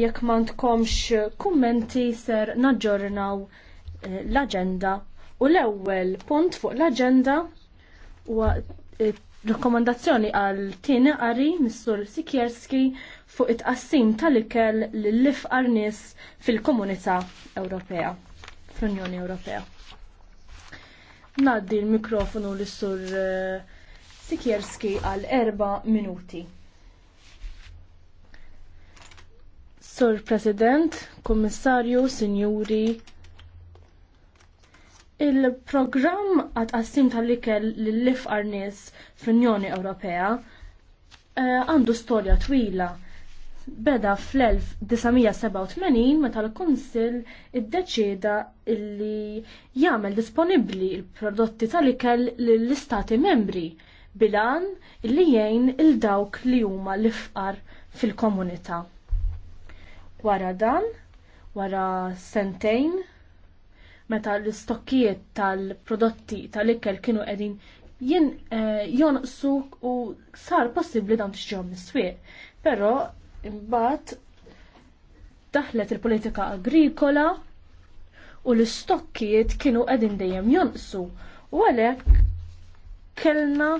jekk m'għandkomx kummenti ser naġġornaw eh, l-aġenda u l-ewwel punt fuq l-aġenda huwa eh, rakkomandazzjoni għal tieni qari mis-sur Sikjerski fuq it-qassim tal-ikel lill-ifqar nies fil-Komunità Ewropea, fl-Unjoni Ewropea. Naddi l-mikrofonu lis sur eh, Sikjerski għal erba' minuti. Sur President, Kommissarju, Sinjuri, il-programm għad qassim tal-ikel l lif nies fl-Unjoni Ewropea eh, għandu storja twila. Beda fl-1987 meta l id iddeċieda illi jagħmel disponibbli il-prodotti tal-ikel lill-Istati membri bilan illi jgħin il-dawk li huma l-ifqar fil-komunità. Wara dan, wara sentejn, meta l-istokkijiet tal-prodotti tal-ikkel kienu qegħdin jien eh, jonqsu u sar possibbli dan tixġihom mis-swieq. Però imbat, daħlet il-politika agrikola u l-istokkijiet kienu qegħdin dejjem jonqsu. U għalhekk kellna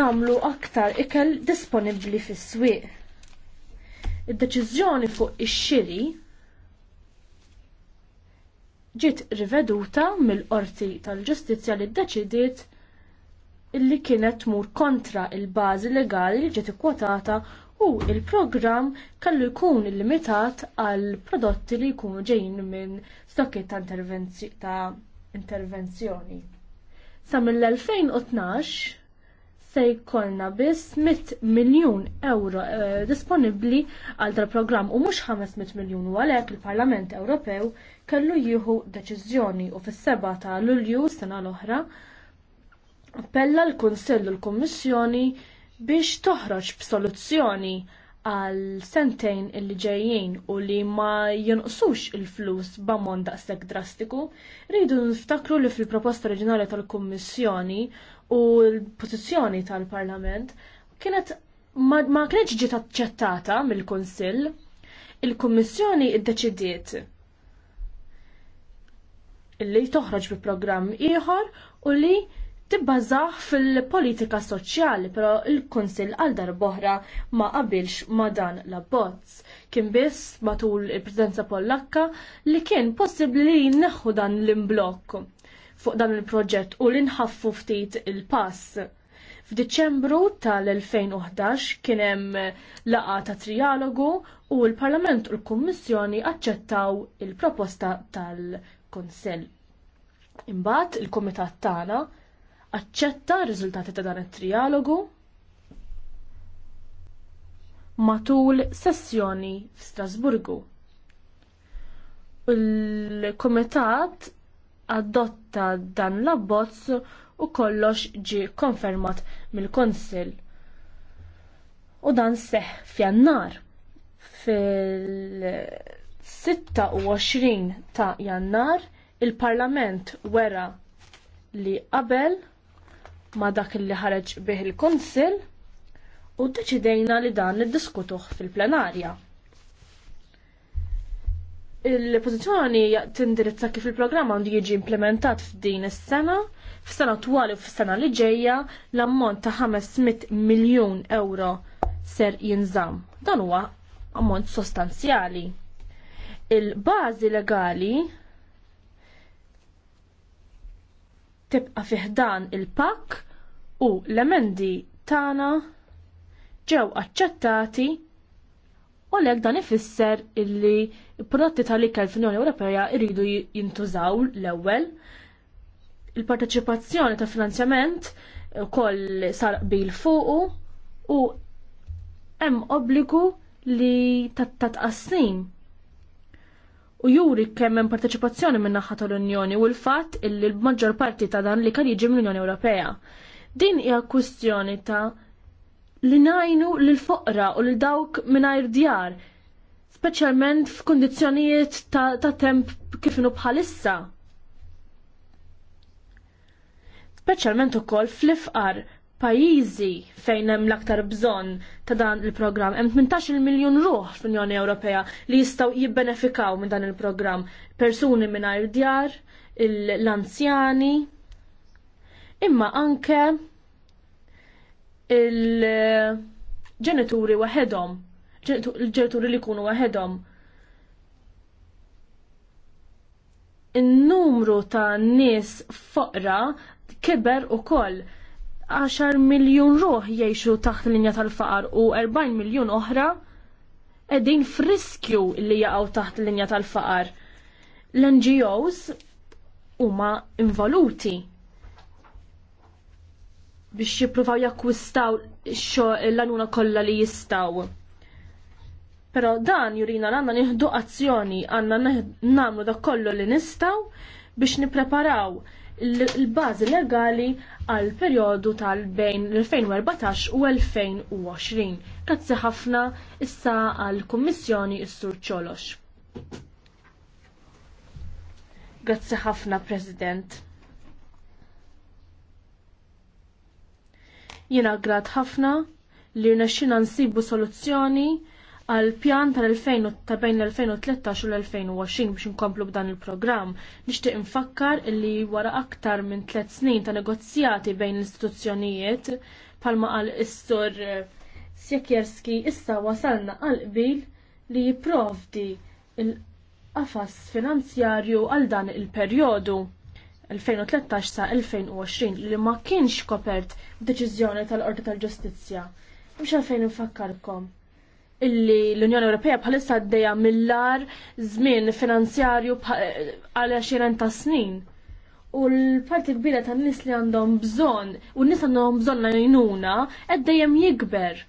namlu aktar ikel disponibbli fis-swieq. Id-deċiżjoni fuq ix-xiri ġiet riveduta mill-qorti tal-ġustizzja li ddeċidiet illi kienet tmur kontra il-bażi legali li ġiet ikkwotata u il-programm kellu jkun limitat għal prodotti li jkunu ġejjin minn stokkiet ta' intervenzjoni. Sa mill-2012 se jkollna biss 100 miljun euro eh, disponibbli għal dal-programm u mhux 500 miljun u għalhekk il-Parlament Ewropew kellu jieħu deċiżjoni u fis-7 ta' Lulju sena l-oħra appella l-Kunsill u l-Kummissjoni biex toħroġ b'soluzzjoni għal sentejn illi ġejjin u li ma jonqsux il-flus b'ammont daqshekk drastiku, rridu niftakru li fil-proposta oriġinali tal-Kummissjoni u l-pożizzjoni tal-Parlament kienet ma, ma kienx ġiet aċċettata mill-Kunsill. Il-Kummissjoni iddeċidiet illi toħroġ bi programm ieħor u li tibbażaħ fil-politika soċjali, però il-Kunsill għal darboħra ma qabilx ma dan l-abbozz. Kien biss matul il-Presidenza Pollakka li kien possibbli li jinneħħu dan l-imblokk fuq dan il-proġett u li nħaffu ftit il-pass. F'Diċembru tal-2011 kien hemm laqgħa ta' trialogu u l-Parlament u l-Kummissjoni aċċettaw il-proposta tal-Kunsell. Imbagħad il-Kumitat tagħna aċċetta r-riżultati ta' dan it-trialogu matul sessjoni f'Strasburgu. Il-Kumitat adotta dan l-abbozz u kollox ġi konfermat mill-Konsil. U dan seħ f'jannar fil-26 ta' jannar il-Parlament wera li qabel ma dak li ħareġ bih il-Konsil u deċidejna li dan niddiskutuh fil-plenarja. Il-pożizzjoni tindirizza kif il-programm għandu jiġi implementat f'din is-sena, f'sena twal u f'sena li ġejja l-ammont ta' 500 miljun euro ser jinżamm. Dan huwa ammont sostanzjali. Il-bażi legali tibqa' fiħdan il-pakk u l-emendi tagħna ġew aċċettati u l dan ifisser illi prodotti tal-ikel fl-Unjoni Ewropea jridu jintużaw l-ewwel. Il-parteċipazzjoni ta' finanzjament ukoll sar bil fuqu u hemm obbligu li ta' tqassim u juri kemm hemm parteċipazzjoni minn naħa tal-Unjoni u l-fatt illi l-maġġor parti ta' dan li kan jiġi mill-Unjoni Ewropea. Din hija kwistjoni ta' li najnu lil foqra u lil dawk mingħajr djar, speċjalment f'kundizzjonijiet ta', ta temp kif inhu bħalissa. Speċjalment ukoll fl-ifqar pajjiżi fejn hemm l-aktar bżonn ta' dan il-programm. Hemm 18 miljun ruħ fl-Unjoni Ewropea li jistgħu jibbenefikaw minn dan il-programm. Persuni mingħajr djar, l-anzjani, imma anke il-ġenituri waħedhom, il-ġenituri li jkunu waħedhom. In-numru ta' nies foqra kiber ukoll 10 miljun ruħ jgħixu taħt linja tal-faqar u 40 miljun oħra edin friskju li jaqgħu taħt linja tal-faqar. L-NGOs huma involuti biex jippruvaw jakkwistaw l anuna kollha li jistaw. Pero dan jurina l-għanna nieħdu azzjoni, għanna nagħmlu da kollu li nistaw biex nipreparaw l-bazi legali għal perjodu tal-bejn l-2014 u 2020. Grazzi ħafna issa għal kummissjoni Is-Sur Ċolox. Grazzi ħafna, President. Jena grad ħafna li rnexxina nsibu soluzzjoni għal pjan tal-2000 bejn l-2013 u l-2020 biex inkomplu b'dan il-programm. Nixtieq infakkar li wara aktar minn tliet snin ta' negozjati bejn l-istituzzjonijiet palma għal istur eh, Sjekjerski issa wasalna għal qbil li jipprovdi il-qafas finanzjarju għal dan il-perjodu. 2013 sa 2020 li ma kienx kopert b'deċiżjoni tal-Qorti tal-Ġustizzja. Mhux għalfejn infakkarkom illi l-Unjoni Ewropea bħalissa għaddejja mill-lar żmien finanzjarju għal 20 ta' snin. U l-parti kbira ta' nis li għandhom bżonn u n-nis għandhom bżonn għajnuna, qed dejjem jikber.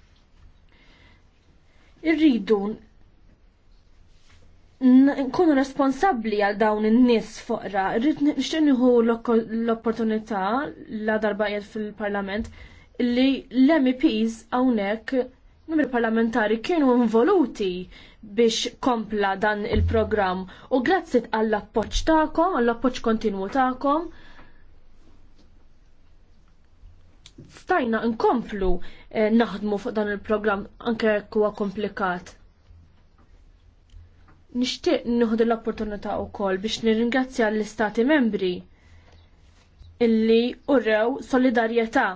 Irridu nkunu responsabbli għal dawn in-nies foqra, rrid nixtieq l-opportunità la darba fil-Parlament li l-MEPs hawnhekk numri parlamentari kienu involuti biex kompla dan il-programm u grazzi għall-appoċ ta'kom, għall-appoċ kontinwu ta'kom. Stajna nkomplu eh, naħdmu fuq dan il-programm anke huwa komplikat. Nixtieq nieħdu l-opportunità wkoll biex nirringrazzja l-Istati membri illi urrew solidarjetà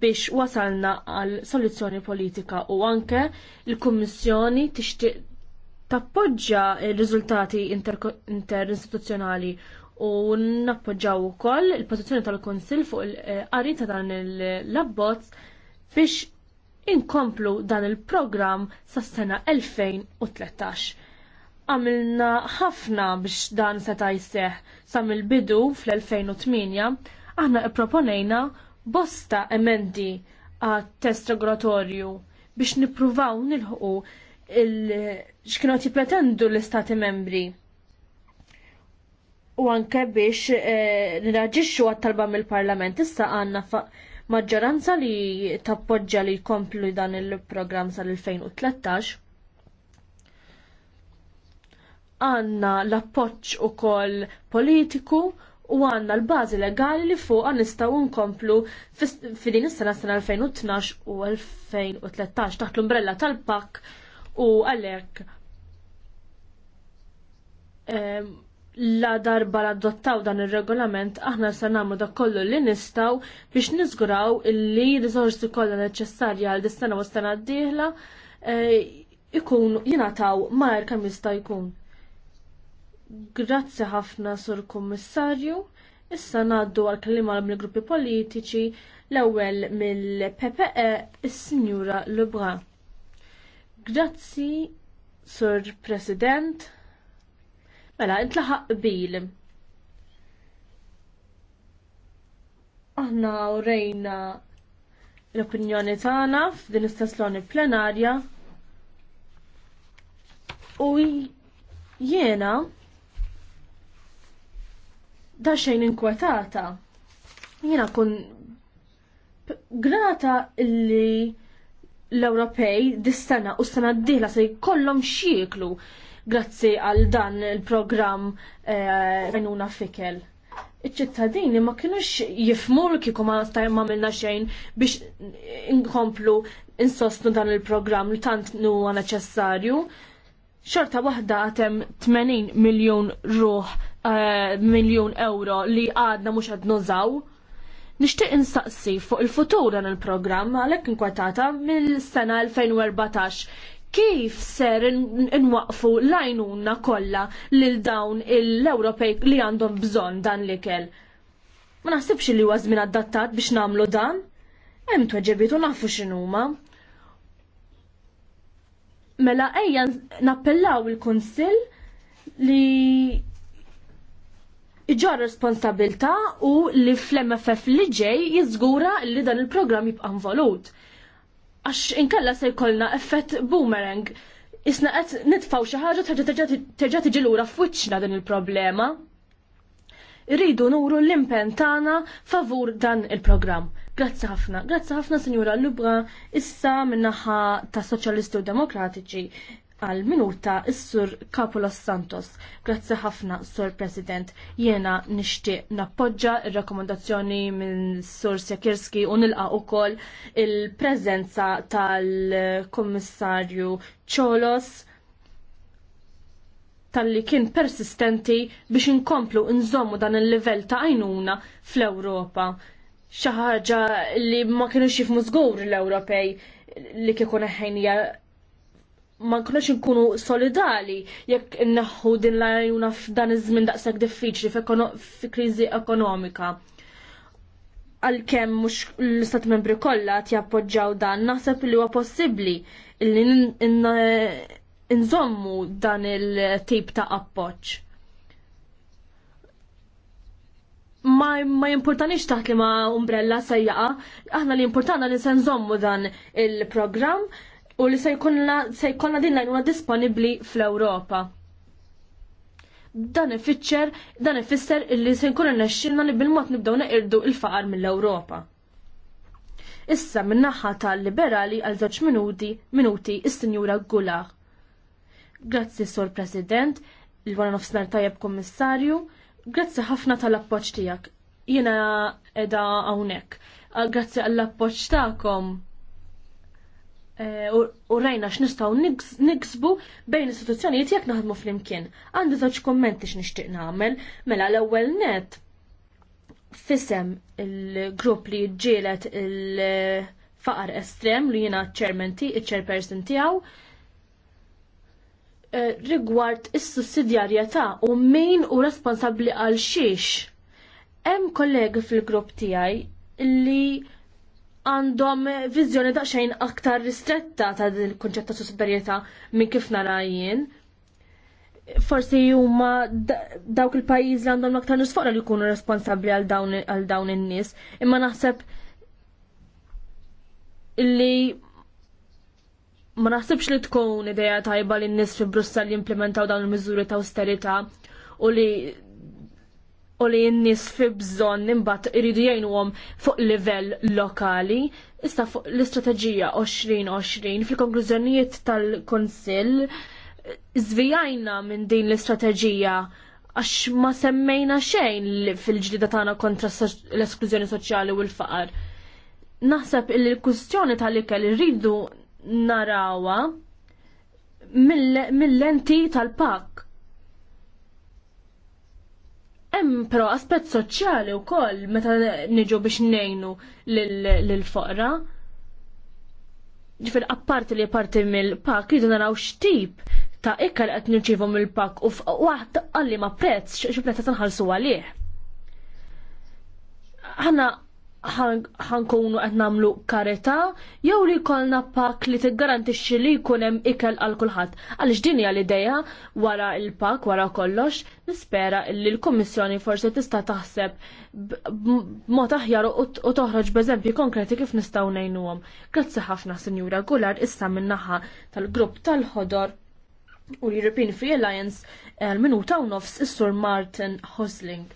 biex wasalna għal soluzzjoni politika u anke il-Kummissjoni tixtieq tappoġġja r-riżultati interistituzzjonali u nappoġġaw ukoll il-pożizzjoni tal-Kunsill fuq il-qari ta' dan l-abbozz biex inkomplu dan il-programm sas-sena 2013 għamilna ħafna biex dan seta' jisseħ sa mill-bidu fl-2008 aħna ipproponejna bosta emendi għat test regolatorju biex nipruvaw nilħu x'kienu qed jippretendu l-istati membri. U anke biex eh, niraġixxu għat-talba mill-Parlament issa għandna maġġoranza li tappoġġja li jkomplu dan il-programm sal-2013. Għanna l-appoġġ ukoll politiku u għanna l-bazi legali li fuq nistaw nkomplu fidin is-sena sena 2012 u 2013 taħt l-umbrella tal-pak u għalek la darba l adottaw dan il-regolament aħna se nagħmlu dak kollu li nistaw biex niżguraw illi riżorsi kollha neċessarja għal dis-sena u s-sena d-dieħla eh, ikun jingħataw ma kemm jista' jkun. Grazzi ħafna sur kummissarju. Issa naddu għal kelima mill gruppi politiċi l-ewwel mill-PPE is-Sinjura Lubra. Grazzi, Sur President. Mela, intlaħaq bil. Aħna urejna l-opinjoni tagħna f'din istess plenarja u jiena da xejn inkwetata. Jiena kun grata illi l-Ewropej dis-sena u s-sena d-dihla se jkollhom xieklu grazzi għal dan il-programm eh, għajnuna eh, fikel. Iċ-ċittadini ma kienux jifmu kieku ma ma minna xejn biex inkomplu insostnu dan il-programm li tant nuwa neċessarju. Xorta waħda għatem 80 miljon ruħ Eh, miljun euro li għadna mhux qed nużaw. Nixtieq instaqsi fuq il-futur dan il-programm għalhekk inkwetata mill-sena 2014 kif ser inwaqfu lajnuna kollha lil dawn l-Ewropej li għandhom bżonn dan l-ikel. Ma naħsibx li huwa żmien adattat biex nagħmlu dan. Hemm tweġibiet nafu x'inhuma. Mela ejja nappellaw il-Kunsill li iġar responsabilta u li fl-MFF li ġej jizgura li dan il-programm jibqa' involut. Għax inkella se jkollna effett boomerang. Isna qed nitfaw xi ħaġa terġa' tiġi lura f'wiċċna din il-problema. Irridu nuru l-impen tagħna favur dan il-programm. Grazzi ħafna, grazzi ħafna Sinjura Lubra, issa minnaħa ta' Soċjalisti u Demokratiċi għal minuta s-sur Kapulos Santos. Grazzi ħafna, sur President. Jena nishti nappoġġa il-rekomendazzjoni minn sur Sekirski u nilqa ukoll il-prezenza tal-Kommissarju Ċolos tal-li kien persistenti biex inkomplu nżommu dan il-livell ta' għajnuna fl-Ewropa. ħaġa li ma kienu jifmu l-Ewropej li kikun ħajnija ma nkunux nkunu solidali jekk naħħu din l-għajuna f'dan iż-żmien daqshekk diffiċli fi kriżi ekonomika. Għalkemm mhux l-istat membri kollha jappoġġjaw dan, naħseb li huwa possibbli li nżommu dan il-tip ta' appoġġ. ma, ma importanix taħt li ma umbrella sejjaqa, aħna li importana li se nżommu dan il-programm u li se jkollna din lajnuna disponibbli fl-Ewropa. Dan ifisser dan ifisser illi se jkun irnexxilna li bil-mod nibdew neqirdu l faqar mill-Ewropa. Issa min-naħa tal-liberali għal żewġ minuti minuti is-Sinjura Gulag. Grazzi, Sur President, il-Wana Nofsnar Tajab Kommissarju, grazzi ħafna tal appoġġ tiegħek. Jiena qiegħda hawnhekk. Grazzi għall appoġġ tagħkom. Eh, u rajna x'nistgħu niksbu bejn istituzzjonijiet jekk naħdmu flimkien. Għandi żewġ kommenti x'nixtieq nagħmel, mela l-ewwel net fisem il-grupp li ġielet il-faqar estrem li jiena ċermenti, il-ċerperson tiegħu eh, rigward is-sussidjarjetà u min u responsabbli għal xiex. Hemm kollegi fil-grupp tiegħi li għandhom viżjoni daqsxejn aktar ristretta ta' din il-konċett ta' sussidjarjetà minn kif nara jien. Forsi huma dawk il-pajjiż li għandhom aktar nisfoqra li jkunu responsabbli għal dawn in-nies, imma naħseb li ma naħsibx li tkun ideja tajba li n nies fi Brussel jimplementaw dawn il-miżuri ta' awsterità. u li u li n-nis fi bżon imbat iridu jgħinuhom fuq livell lokali. Issa fuq l-istrateġija 2020 fil-konklużjonijiet tal-Konsill zvijajna minn din l-istrateġija għax ma semmejna xejn fil-ġdida tagħna kontra l-esklużjoni soċjali u l-faqar. Naħseb il-kustjoni tal-ikel irridu narawa mill-lenti tal-pak Hemm però aspett soċjali wkoll meta niġu biex ngħinu lill-foqra. Ġifier apparti li parti mill-pak jridu naraw x'tip ta' ikkar qed nirċievu mill-pak u waħd qalli ma' prezz xi prezz qed għalih. Aħna ħankunu qed nagħmlu karità jew li jkollna pak li tiggarantixxi li jkun hemm ikel għal kulħadd. Għaliex din hija l-idea wara l-pak wara kollox, nispera li l-Kummissjoni forsi tista' taħseb b'mod aħjar u toħroġ b'eżempji konkreti kif nistgħu ngħinuhom. Grazzi ħafna Sinjura Gular issa min-naħa tal-grupp tal-ħodor u l-European Free Alliance minuta u nofs is-Sur Martin Hosling.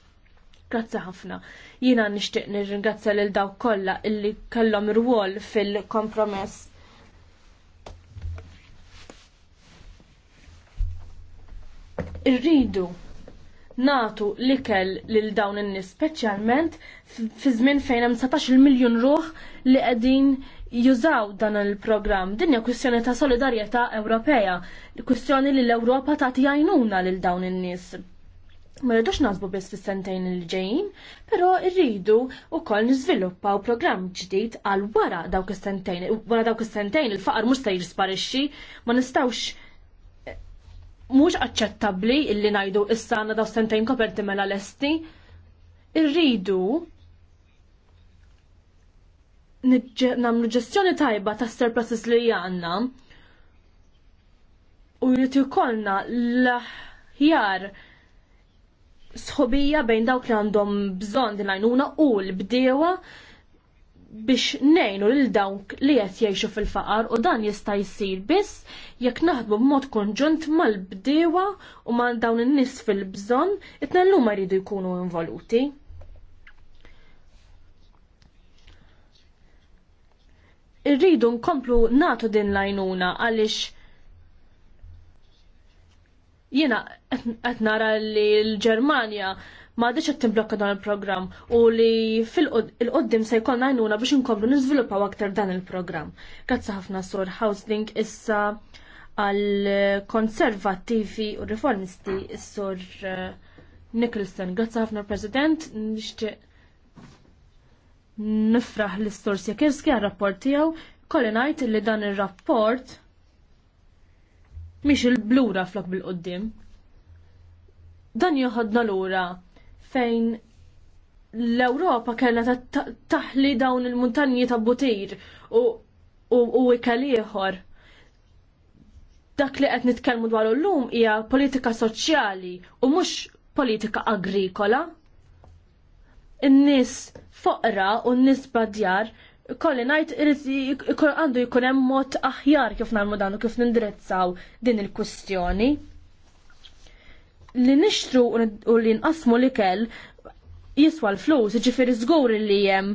Grazzi ħafna. Jiena nixtieq nirringrazzja lil dawk kollha illi kellhom rwol fil-kompromess. Irridu natu l-ikel lil dawn in-nies speċjalment fi żmien fejn hemm 17 miljun ruħ li qegħdin jużaw dan il-programm. Din hija kwistjoni ta' solidarjetà Ewropea, kwistjoni li l-Ewropa tagħti għajnuna lil dawn in-nies. Ma rridux nasbu biss fis-sentejn li ġejjin, però rridu wkoll niżviluppaw programm ġdid għal wara dawk is-sentejn. Wara dawk is-sentejn il-faqar mhux se jisparixxi, ma nistgħux mhux aċċettabbli illi ngħidu issa għandna daw sentejn koperti mela lesti. Irridu nagħmlu ġestjoni tajba tas surpluses li għandna u jrid ikollna l-aħjar sħobija bejn dawk li għandhom bżonn din għajnuna u l-bdewa biex nejnu lil dawk li qed jgħixu fil-faqar u dan jista' jsir biss jekk naħdmu b'mod konġunt mal-bdewa u ma' dawn in-nies fil-bżonn it-tnejn ma jridu jkunu involuti. Irridu nkomplu natu din l-għajnuna għaliex Jiena qed nara li l ġermania ma qed timblokka dan il-programm u li fil-qoddim se jkollna għajnuna biex inkomplu niżviluppaw aktar dan il-programm. Grazzi ħafna sur Housing issa għal konservattivi u reformisti sur eh, Nicholson. Grazzi ħafna President, nixtieq nifraħ l-istor Sikirski għal rapport tiegħu, kolli ngħid li dan ir-rapport mhix il-blura flok bil-qoddim. Dan joħodna lura fejn l-Ewropa kellha taħli dawn il-muntanji ta' butir u ikel ieħor. Dak li qed nitkellmu dwar llum hija politika soċjali u mhux politika agrikola. In-nies foqra u n-nies badjar kolli najt għandu jkun hemm mod aħjar kif nagħmlu dan u kif nindrizzaw din il-kwistjoni. Li nixtru u li nqasmu l-ikel jiswa l-flus, ġifir żgur li hemm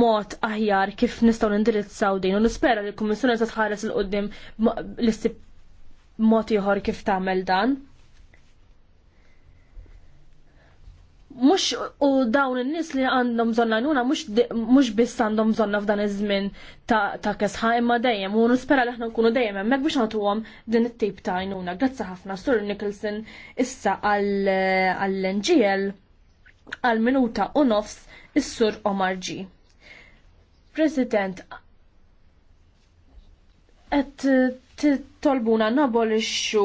mod aħjar kif nistgħu nindirizzaw din u nispera li l-Kummissjoni se tħares il qudiem l-istib mod ieħor kif tagħmel dan. mux u dawn in-nies li għandhom zonna għajnuna mhux biss għandhom zonna f'dan iż-żmien ta', kesħa imma dejjem u nispera li ħna nkunu dejjem hemmhekk biex nagħtuhom din it-tip ta' għajnuna. Grazzi ħafna Sur Nicholson issa għall-NGL għal minuta u nofs is-Sur Omar G. President, qed tolbuna nabolixxu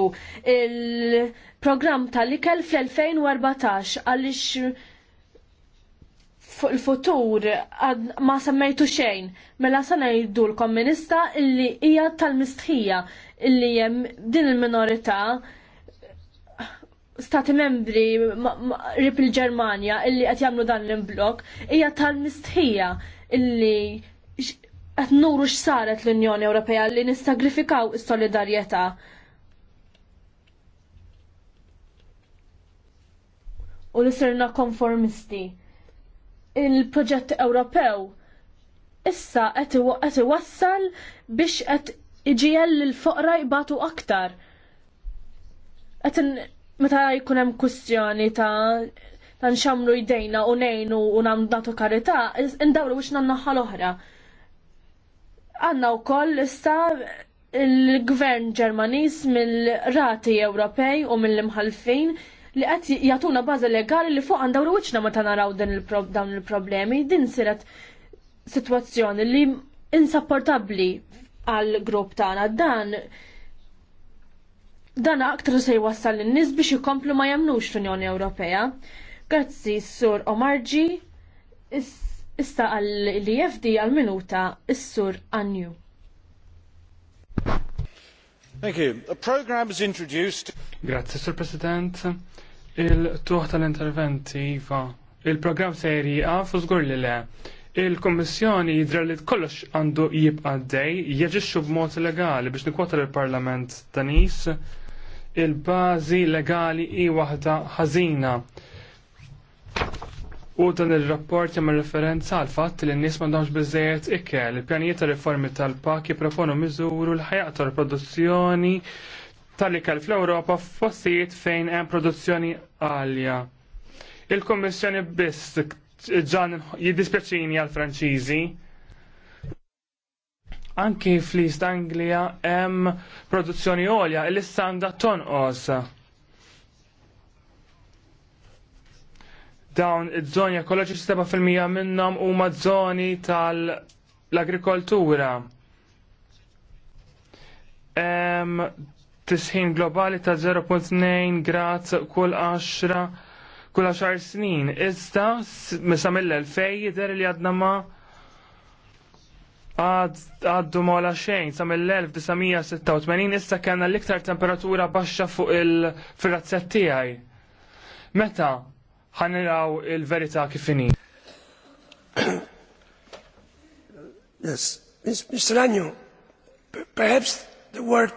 il- programm tal-ikel fl-2014 għaliex fuq il-futur ma semmejtu xejn, mela sa ngħidu l-komunista illi hija tal-mistħija illi hemm din il-minorità stati membri rip il-Ġermanja illi qed jagħmlu dan l-imblok hija tal-mistħija illi qed nuru x'saret l-Unjoni Ewropea li nistagrifikaw is-solidarjetà. u li sirna konformisti. Il-proġett Ewropew issa qed iwassal biex qed iġiel lil foqra jibatu aktar. Qed meta jkun hemm kwistjoni ta' ta' nxamlu jdejna u nejnu u nagħmlu karità, indawru biex nannaħħa l-oħra. u wkoll issa il-gvern Ġermaniż mill-rati Ewropej u mill-imħalfin li qed jagħtuna baża legali li fuq għandha wiċċna meta naraw dawn il-problemi, din siret sitwazzjoni li insapportabbli għal grupp tagħna dan dan aktar se jwassal lin-nies biex ikomplu ma jemnux fl-Unjoni Ewropea. Grazzi s-sur Omarġi, issa għall li jefdi għal minuta s-sur Anju. Thank you. The program is introduced. Grazie, Sir President Il-tuħ tal-interventi, Iva. Il-programm se jieqaf u żgur li le. Il-Kommissjoni jidra li kollox għandu jibqa' dej, b b'mod legali biex nikwota l-Parlament Danis il-bażi legali hi waħda ħażina. U dan ir-rapport jagħmel referenza għal fatt li n-nies m'għandhomx biżejjed ikke, Il-pjanijiet ta' riformi tal-pak jiproponu miżuru l-ħajja tal-produzzjoni tal-ikel fl-Ewropa fossijiet fejn hemm produzzjoni għalja. Il-Kommissjoni biss ġan jiddispjaċini għal franċiżi. Anki fl-East Anglia hemm produzzjoni għolja il s'anda tonqos. Dawn iż-żoni ekoloġiċi 7% minnhom huma żoni tal-agrikoltura tisħin globali ta' 0.2 grad kull 10 kull 10 snin. Iżda misa mill-2000 jidher li għadna ma għaddu la xejn sa mill-1986 issa kellna l-iktar temperatura baxxa fuq il frazzet tiegħi. Meta ħaniraw il-verità kifini. yes, Mr. Anjo, perhaps the word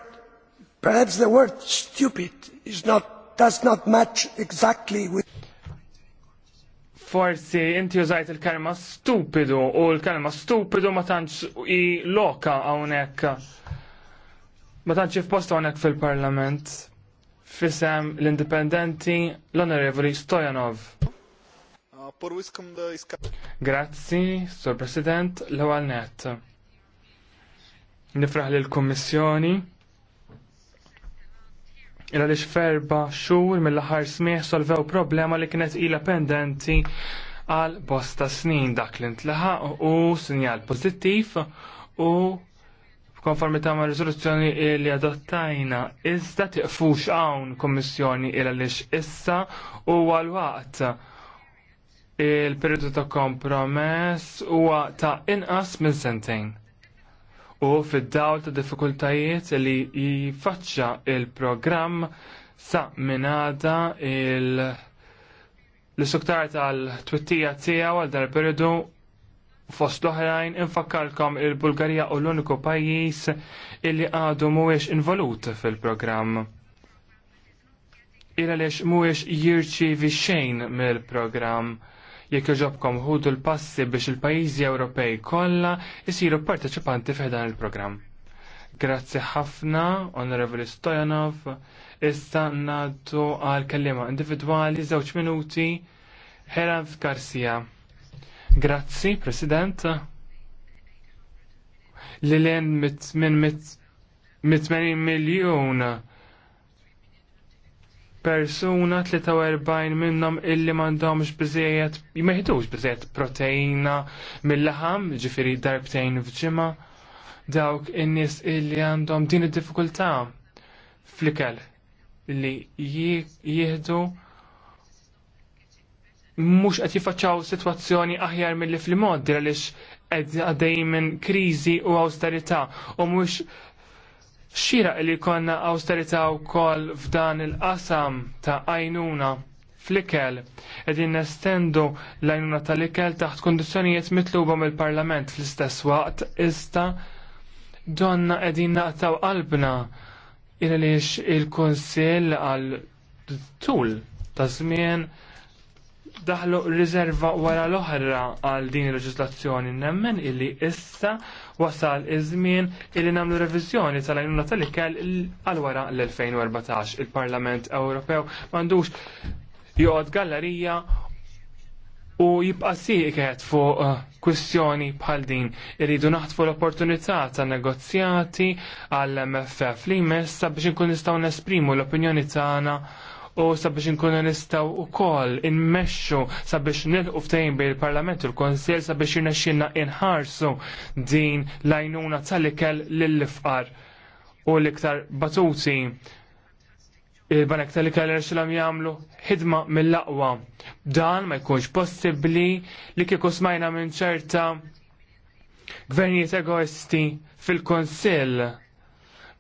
Perhaps the word stupid is not, does not match exactly with Forsi inti użajt il-kelma stupidu u l-kelma stupidu ma tantx i loka hawnhekk. Ma tantx f'post hawnhekk fil-Parlament. Fisem l-Indipendenti l-Onorevoli Stojanov. Ah, Grazzi, Sor President, l-ewwel net. Nifraħ lill-Kummissjoni Ira li xferba xur mill-ħar smieħ solvew problema li kienet ila pendenti għal bosta snin dak li ntlaħa u sinjal pozittiv u ta' ma' rizoluzzjoni li adottajna iżda tiqfux għawn kommissjoni ila lix issa u għal-waqt il-periodu ta' kompromess huwa ta' inqas minn sentejn u fid-dawl ta' diffikultajiet li jifaċċa il-programm sa' minada il- l-suktar tal-twittija tiegħu għal dar periodu fost l-oħrajn infakkarkom il-Bulgarija u l-uniku pajjiż illi għadu mhuwiex involut fil-programm. Ira lex mhuwiex jirċievi xejn mill-programm Jekk joġobkom ħudu l-passi biex il-pajjiżi Ewropej kollha jsiru parteċipanti f'dan il-programm. Grazzi ħafna, Onorevoli Stojanov. Issa nagħtu għal kelliema individwali żewġ minuti. Herav Garcia. Grazzi, President. Lilien mit minn mit mit miljon persuna 43 minnhom illi m'għandhomx biżejjed jmeħdux biżejjed proteina mill-laħam, ġifieri darbtejn f'ġimgħa, dawk in-nies illi għandhom din id-diffikultà fl'ikel li jieħdu mhux qed jifaċċaw sitwazzjoni aħjar mill-li fil-mod għaliex għaddej minn kriżi u awsterità u mhux Xira li konna austerita u kol f'dan il-qasam ta' għajnuna fl-ikel edin nestendu l-għajnuna tal-ikel taħt kondizjonijiet mitluba mill-parlament fl-istess waqt ista donna edin naqtaw qalbna il-lix il-konsil għal tul ta' żmien daħlu riserva wara l-oħra għal din il-leġislazzjoni nemmen illi issa wasal iż-żmien illi nagħmlu reviżjoni tal-għajnuna tal-ikel għal wara l-2014. Il-Parlament Ewropew m'għandux joqgħod gallerija u jibqa' siqet fuq eh, kwistjoni bħal din irridu naħtfu l-opportunità ta' negozjati għall MFF li jmessa sabiex inkun nistgħu nesprimu l-opinjoni tagħna u sabiex inkunu nistaw u kol inmexxu sabiex nilqu ftejn bejn il-Parlament u l-Konsil sabiex jirnexxinna inħarsu din lajnuna tal-ikel lill lifqar u l-iktar batuti il-banek tal-ikel irxilam jagħmlu ħidma mill laqwa Dan ma jkunx possibbli li kieku smajna minn ċerta gvernijiet egoisti fil-Konsil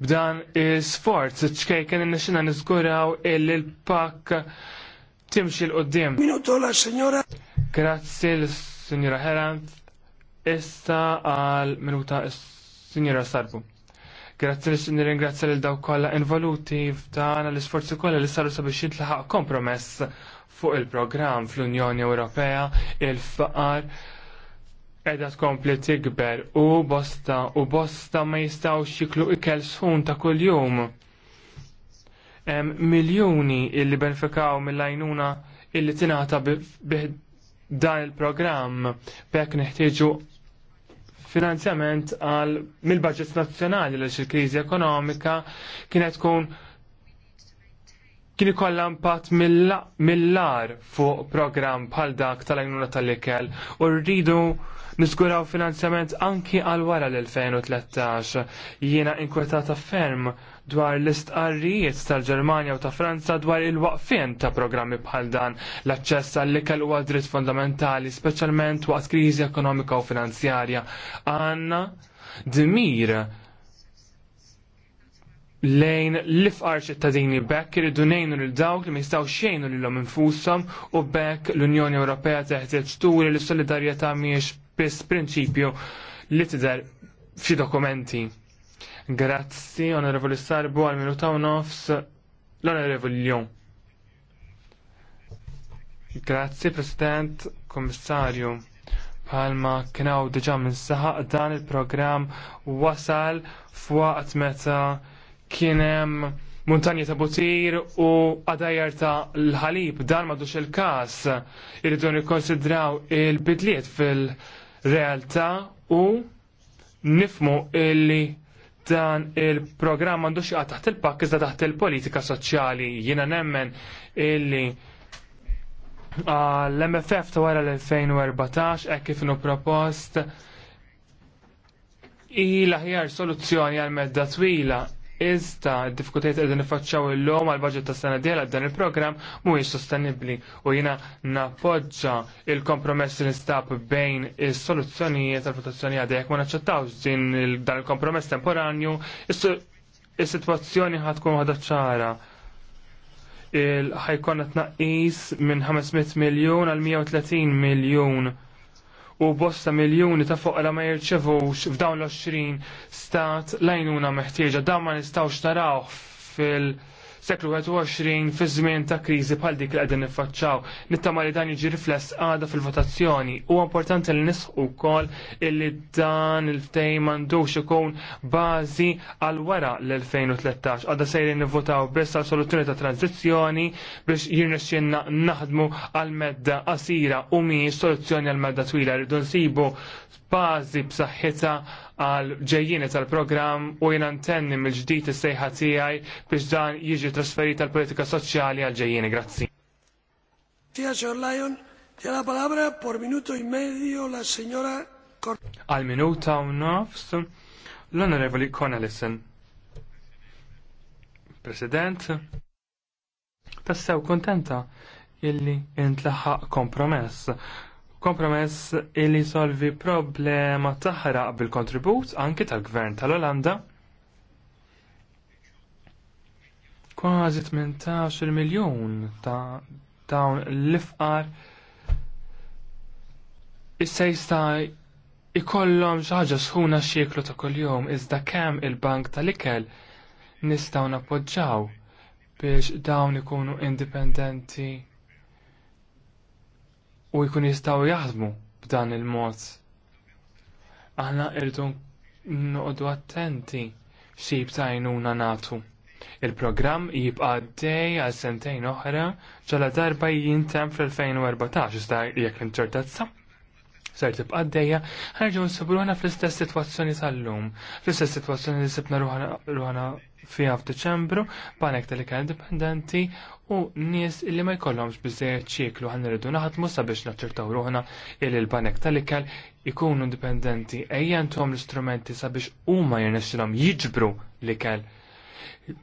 b'dan il-sforz ċkejken n-nixina nizguraw il-pak timxi l-qoddim. Minuto la senjora. Grazzi l-signora Herant. Issa għal minuta s-signora Sarbu. Grazzi li grazzi lil dawk kollha involuti f'dan l-isforzi kollha li saru sabiex jintlaħaq kompromess fuq il-programm fl-Unjoni Ewropea il-faqar edha tkompli tikber u bosta u bosta ma jistaw xiklu ikel sħun ta' kuljum. Hemm miljuni illi benefikaw mill-għajnuna illi tingħata bih dan il-programm pek neħtieġu finanzjament għal mill-budget nazzjonali għal il-kriżi ekonomika kienet tkun kien ikollha impatt mill-lar fuq programm bħal dak tal-għajnuna tal-ikel u rridu niskuraw finanzjament anki għal wara l-2013. Jiena inkwetata ferm dwar l-istqarrijiet tal-Ġermanja u ta' Franza dwar il-waqfien ta' programmi bħal dan l-aċċess għall-ikel u dritt fundamentali, speċjalment waqt kriżi ekonomika u finanzjarja. Għanna dmir lejn l-ifqar ċittadini bekk irridu nejnu lil dawk li ma jistgħu xejnu lilhom infushom u bekk l-Unjoni Ewropea teħtieġ turi lis solidarjetà mhijiex biss prinċipju li tidher f'xi dokumenti. Grazzi, onorevoli Sarbu, għal minuta u nofs, l-onorevoli Ljum. Grazzi, President, Kommissarju. Palma kienaw diġa minn saħaq dan il-program wasal f'waqt meta kienem montanja ta' butir u għadajjar ta' l-ħalib dan madux il-kas irridu nikkonsidraw il-bidliet fil- realtà u nifmu illi dan il-programm għandu xieqa taħt il-pakk iżda taħt il-politika soċjali. Jiena nemmen illi l-MFF ta' wara l-2014 hekk kif propost i ħjar aħjar soluzzjoni għal medda twila Iżda d-diffikultajiet qegħdin nifaċċaw illum għal budget ta' sena dieħla dan il-programm mhuwiex sostenibbli u jiena nappoġġa il-kompromess li nstab bejn is-soluzzjonijiet tal-votazzjoni għadha jekk ma naċċettawx din dan il-kompromess temporanju, is-sitwazzjoni ħatkun waħda ċara Il-ħajkon ħajkonna tnaqqis minn 500 miljon għal 130 miljon u bosta miljoni ta' fuq la ma jirċevux f'dawn l-20 stat lajnuna meħtieġa, dan ma nistawx narawh fil- seklu 21 fi żmien ta' kriżi bħal dik li qegħdin niffaċċaw. Nittama li dan jiġi rifless għada fil-votazzjoni. U importanti li nisħu wkoll illi dan il-ftej m'għandux ikun bażi għal wara l-2013. Għadda sejrin nivvotaw biss għal soluzzjoni ta' tranzizzjoni biex jirnexxinna naħdmu għal medda qasira u mhijiex soluzzjoni għal medda twila rridu nsibu bażi b'saħħitha għal ġejjini tal-programm u jien antenni mill-ġdid is-sejħa tiegħi biex dan jiġi trasferit tal-politika soċjali għal ġejjini. Grazzi. Tia Sir Lion, tia la palabra por minuto y e medio la signora Għal minuta u nofs l-Onorevoli Connellison. President, tassew kontenta illi intlaħħaq kompromess kompromess illi solvi problema taħraq bil-kontribut anki tal-gvern tal-Olanda kważi 18 miljon ta' dawn l-ifqar issa jista' ikollhom xi ħaġa sħuna xieklu ta' kuljum iżda kemm il-bank tal-ikel nistgħu nappoġġaw biex dawn ikunu indipendenti u jkun jistgħu jaħdmu b'dan il-mod. Aħna irdu noqogħdu attenti xib tajnuna natu. Il-programm jibqa' dej għal sentejn oħra ġala darba jintem fl-2014 iżda jekk inċertazza ser tibqa' għaddejja, ħarġu nsibruħna fl-istess sitwazzjoni tal-lum, fl-istess sitwazzjoni li sibna ruħna fiha f'Diċembru, panek tal kien dipendenti u nies li ma jkollhomx biżejjed ċiklu ħan irridu naħdmu sabiex naċċertaw ruħna illi l-panek tal-ikel ikunu dipendenti ejjentom l-istrumenti sabiex huma jirnexxilhom jiġbru l-ikel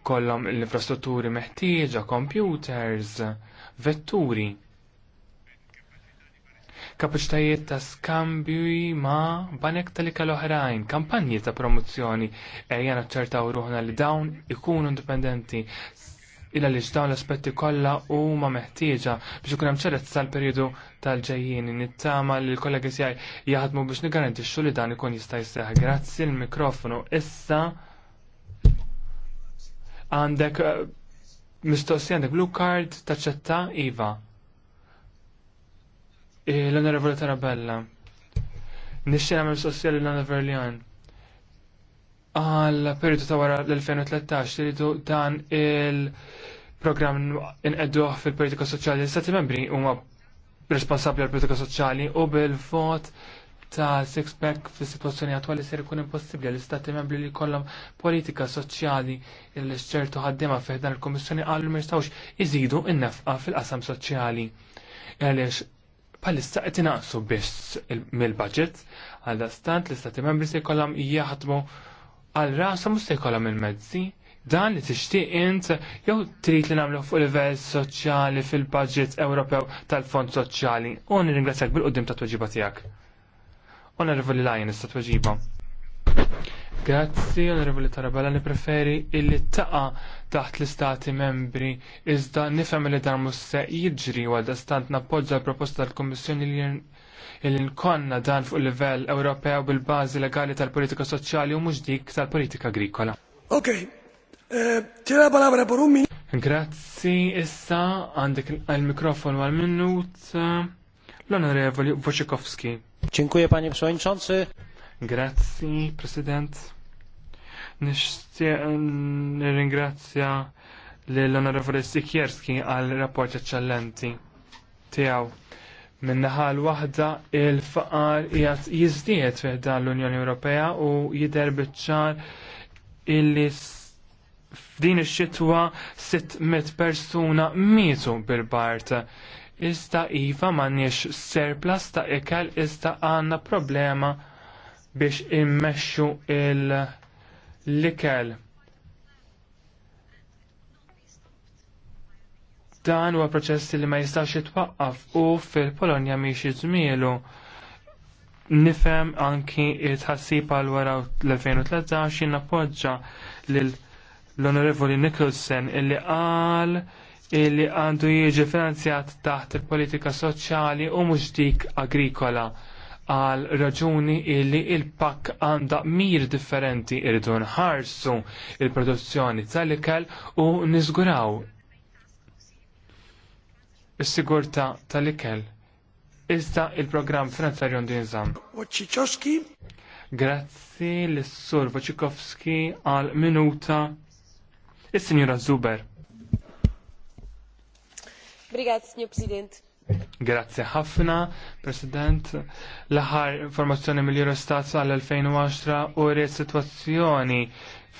kollhom l-infrastrutturi meħtieġa, computers, vetturi kapaċitajiet ta' skambju ma' banek tal-ikal oħrajn, kampanji ta' promozzjoni, ejja naċċertaw ruħna li dawn ikunu indipendenti illa li dawn l-aspetti kollha huma meħtieġa biex ikun hemm ċerezza l-perjodu tal-ġejjin nittama li l-kollegi tiegħi jaħdmu biex nigarantixxu li dan ikun jista' jseħħ. Grazzi l-mikrofonu issa għandek eh, mistoqsi għandek blue card taċċetta Iva. Eh, l onorevoli Tarabella. Nixxie għamil sosjali l onorevoli Jan għal periodu ta' wara l-2013 rridu dan il-programm inqedduħ fil-politika soċjali. Stati membri huma responsabbli għal politika soċjali u bil-vot ta' six-pack fis situazzjoni attwali ser ikun impossibbli għal istati membri li kollhom politika soċjali l-ċertu ħaddiema fih dan il kummissjoni qalu ma jistgħux iżidu n-nefqa fil-qasam soċjali. Għaliex palissa qed inaqsu biss mill-budget għal stant l-istati membri se jkollhom jaħdmu għal rashom se jkollhom il-mezzi dan li tixtieq int jew trid li nagħmlu fuq livell soċjali fil-budget Ewropew tal-Fond Soċjali u nirringrazzjak bil-qudiem ta' tweġiba tiegħek. Onorevoli Lion, issa tweġiba. Grazzi, onorevoli Tarabella, nippreferi preferi illi taqa taħt l-istati membri, iżda nifhem li dan mhux se jiġri u għadastant nappoġġa l-proposta tal-Kummissjoni li nkonna dan fuq livell Ewropew bil-bażi legali tal-politika soċjali u mhux dik tal-politika agrikola. Ok, ċera eh, palabra por Grazzi, issa għandek il-mikrofon għal-minut eh, l-onorevoli Wojciechowski. Dziękuję panie przewodniczący. Grazzi, President. Nixtieq nirringrazzja lill-Onorevoli Sikjerski għal rapport eċċellenti tiegħu. Minnaħa l-waħda il-faqar jgħat jizdiet fi dan l-Unjoni Ewropea u jider bitċar illi f'din ix-xitwa 600 persuna mietu bil-bart. Iżda iva m'għandniex surplus ta' ikel iżda għandna problema biex immexxu il-likel. Dan huwa proċess li ma jistax jitwaqqaf u fil-Polonja miex iżmielu. Nifhem anki it tħassib għal wara l-2013 nappoġġa lil l-Onorevoli Nicholson illi qal illi għandu jiġi finanzjat taħt il-politika soċjali u mhux dik agrikola għal raġuni illi il-pak għanda mir differenti irridu nħarsu il-produzzjoni tal-ikel u nizguraw is-sigurta tal-ikel. Iżda il-programm finanzarjon. għandu jinżam. Grazzi l-Sur Wojcikowski għal minuta is signora Zuber. Brigad, Signor President. Grazzi ħafna, President. L-aħħar informazzjoni mill-Eurostat għal-2010 u rrit situazzjoni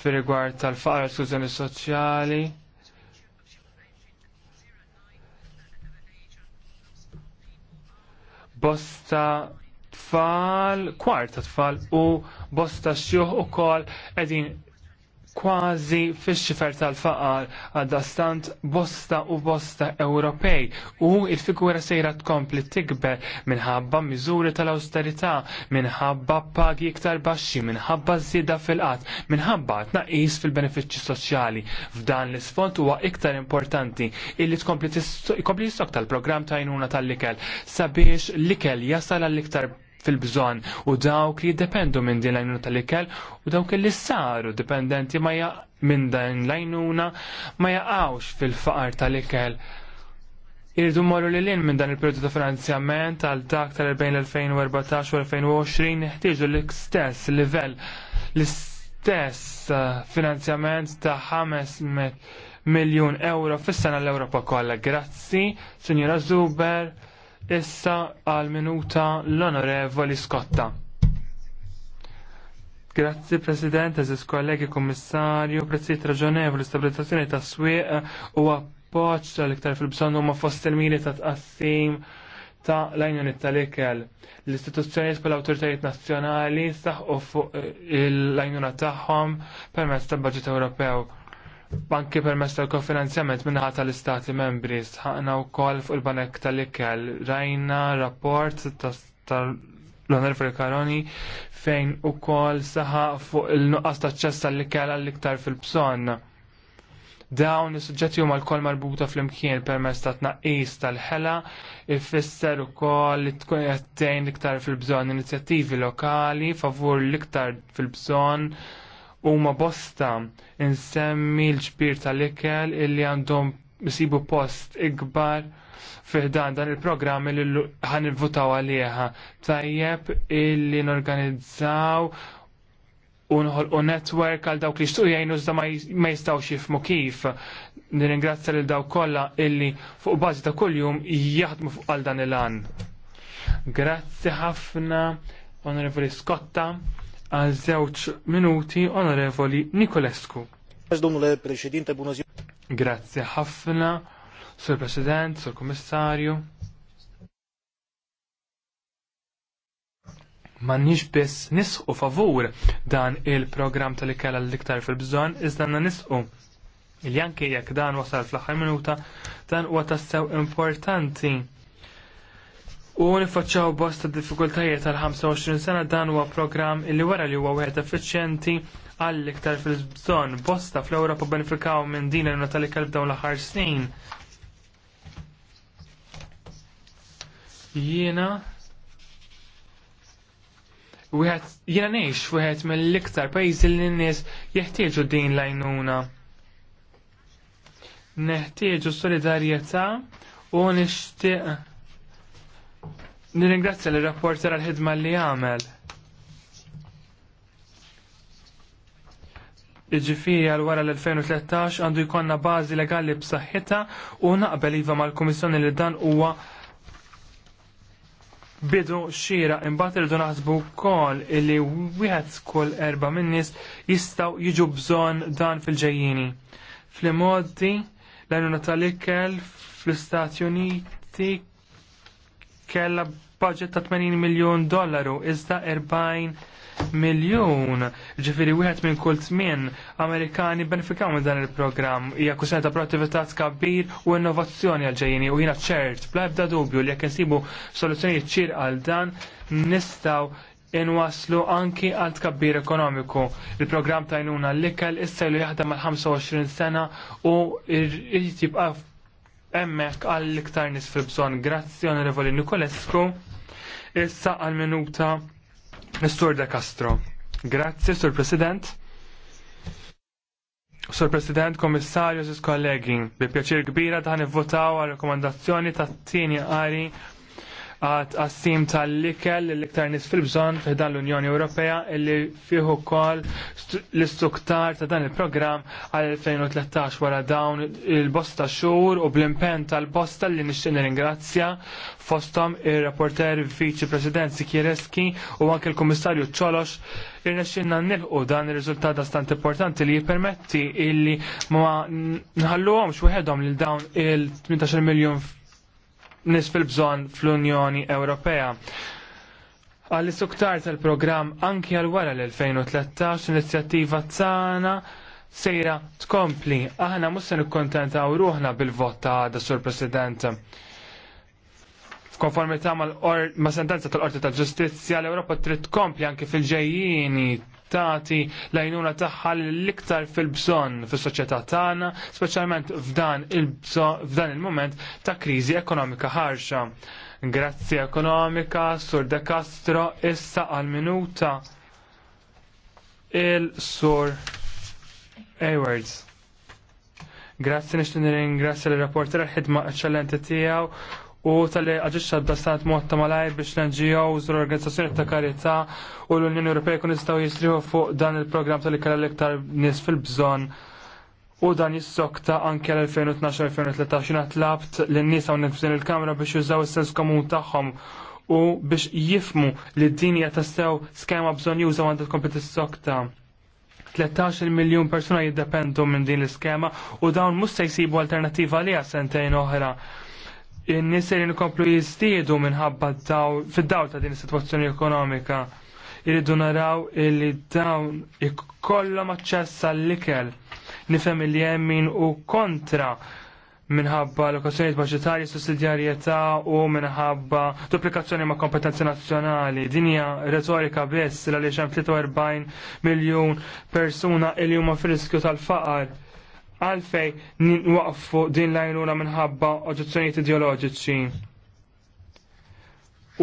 fir rigward tal-faqar sużjoni soċjali. Bosta tfal, kwarta tfal u bosta xjuħ u kol edin kważi fix-xifer tal-faqar għadastant bosta u bosta Ewropej u il-figura sejra tkompli tikber minħabba miżuri tal-austerità, minħabba pagi iktar baxxi, minħabba żieda fil-qatt, minħabba tnaqis fil-benefiċċji soċjali. F'dan l-isfond huwa iktar importanti illi tkompli jistok tal-programm ta' tal-likel sabiex ikel sabiex l ikel jasal għall-iktar fil-bżon u dawk li jiddependu minn din l-għajnuna tal-ikel u dawk li saru dipendenti ma ja minn din l-għajnuna ma jaqawx fil-faqar tal-ikel. Irridu morru li l-in minn dan il-periodu ta' finanzjament għal dak tal-2014 u 2020 ħtieġu l-istess livell, l-istess eh, finanzjament ta' 500 miljon euro fis-sena l-Ewropa kollha. Grazzi, Sinjora Zuber. Issa għal minuta l-onorevoli Skotta. Grazzi President, eżis kollegi Kommissarju, prezzijiet raġonevoli, stabilizzazzjoni ta' swieq u appoġġ tal-iktar fil-bżonn huma fost il-mili ta' tqassim ta' l-għajnuni tal-ikel. L-istituzzjonijiet bħal awtoritajiet nazzjonali saħqu fuq l-għajnuna tagħhom permezz tal-Baġit Ewropew banki permess tal-kofinanzjament minnaħa tal-istati membri sħana u kol fuq il-banek tal-ikel rajna rapport tal-Onorevoli Karoni fejn u kol saħa fuq il-nuqqas taċċess tal-ikel għall-iktar fil-bson. Dawn is-suġġetti huma l kol marbuta fl-imkien permess ta' tnaqqis tal-ħela, ifisser ukoll li tkun qed tgħin l-iktar fil-bżonn inizjattivi lokali favur l-iktar fil-bżonn huma bosta insemmi l-ġbir tal-ikel illi għandhom jisibu post ikbar fiħdan dan il-programm li ħan votaw għalieħa. Tajjeb illi norganizzaw unħol u network għal dawk li xtuq jgħinu zda ma jistaw xifmu kif. Nirringrazzja lil daw kollha illi fuq bażi ta' kuljum jaħdmu fuq għal dan il-għan. Grazzi ħafna, Onorevoli Skotta għal żewġ minuti onorevoli Nikolescu. Grazie ħafna, Sur President, Sur Kommissarju. nix biss nisqu favur dan il-programm tal ikella l-iktar fil-bżon, iżda nisqu il-janki jekk dan wasal fl-aħħar minuta, dan huwa tassew importanti u nifacċaw bosta diffikultajiet għal 25 sena dan huwa programm illi wara li huwa wieħed effiċjenti għall iktar fil-bżonn bosta fl-Ewropa benefikaw minn din il tal kalb dawn l-aħħar snin. Jiena wieħed jiena ngħix wieħed mill-iktar pajjiżi li n-nies jeħtieġu din l-għajnuna. Neħtieġu solidarjetà u nixtieq Nirringrazzja l-rapporter għal-ħidma li għamel. Iġifiri għal wara l-2013 għandu jkonna bażi legali b'saħħitha u naqbel iva mal-Kummissjoni li dan huwa bidu xira imbagħad irdu naħsbu wkoll illi wieħed kull erba' minnis nies jistgħu jiġu bżonn dan fil-ġejjini. Fl-modi l għajnuna tal-ikel fl-Istati Uniti kella budget ta' 80 miljon dollaru, iżda 40 miljon. Ġifiri, wieħed minn kull tmien Amerikani benefikaw minn dan il-programm. Hija kuxjoni ta' proattività tkabbir u innovazzjoni għal-ġejjini u jiena ċert, bla ebda dubju li jekk insibu soluzzjonijiet ċir għal dan nistgħu inwaslu anki għal tkabbir ekonomiku. Il-programm tajnuna l-ikel issa li jaħdem għal 25 sena u jibqa' emmek għall-iktar nis fil-bżon. Grazzi onorevoli Nikolescu. Issa għal-minuta Nistur De Castro. Grazzi, Sur President. Sur President, Komissarju, Sis Kollegi, bi pjaċir kbira ta' nivvotaw għal rekomandazzjoni ta' t-tini għari għat għassim tal-likel l-iktar nis fil-bżon dan l-Unjoni Ewropea illi fiħu kol l-istruktar ta' dan il-program għal 2013 wara dawn il-bosta xur u bl-impen tal-bosta li nixtieq ringrazzja fostom il-rapporter viċi president Sikjereski u anke l-Kummissarju Ċolox irnexxinna nilħu dan ir-riżultat stant importanti li jippermetti illi ma nħalluhomx wieħedhom lil dawn il-18 miljon nis fil-bżon fl-Unjoni Ewropea. Għall-isuktar tal-programm anki għal-wara l-2013 l-inizjattiva sana sejra tkompli. Aħna kontenta u ruħna bil-vot ta' għada sur President. F'konformità ma' sentenza tal-Qorti tal-Ġustizzja l-Ewropa trid tkompli anke fil-ġejjini l lajnuna taħħal l-iktar fil-bżonn fis-soċjetà tagħna, speċjalment f'dan il-f'dan il-moment ta' kriżi ekonomika ħarxa. Grazzi ekonomika, Sur De Castro, issa għal-minuta il-Sur Awards. Grazzi nirin, grazzi l-rapporter l ħidma eccellenti tijaw u tal-li għagġiċa d-dastat ta' malaj biex l ngo u l-organizzazzjoni ta' karità u l-Unjoni Ewropea kun jistaw jistriħu fuq dan il-program tal-li kalla l-iktar nis fil-bżon u dan jissokta anke l-2012-2013 tlabt l-nis għaw nifżin il-kamra biex jużaw il-sens komun tagħhom u biex jifmu li d-dinja tassew skema bżon jużaw għandat kompeti sokta. 13 miljon persuna jiddependu minn din l-iskema u dawn mhux se jsibu alternattiva għaliha sentejn oħra n-nies li nkomplu jistiedu minħabba daw fid-daw ta' din is-sitwazzjoni ekonomika. Irridu naraw li dawn ikollhom aċċess għall-ikel. Nifhem li hemm min u kontra minħabba l-okazzjoni budgetarji sussidjarjetà u minħabba duplikazzjoni ma' kompetenzi nazzjonali. Dinja retorika biss l għaliex hemm 43 miljun persuna li huma fir-riskju tal-faqar għalfej ninwaqfu din lajnuna minħabba oġezzjonijiet ideoloġiċi.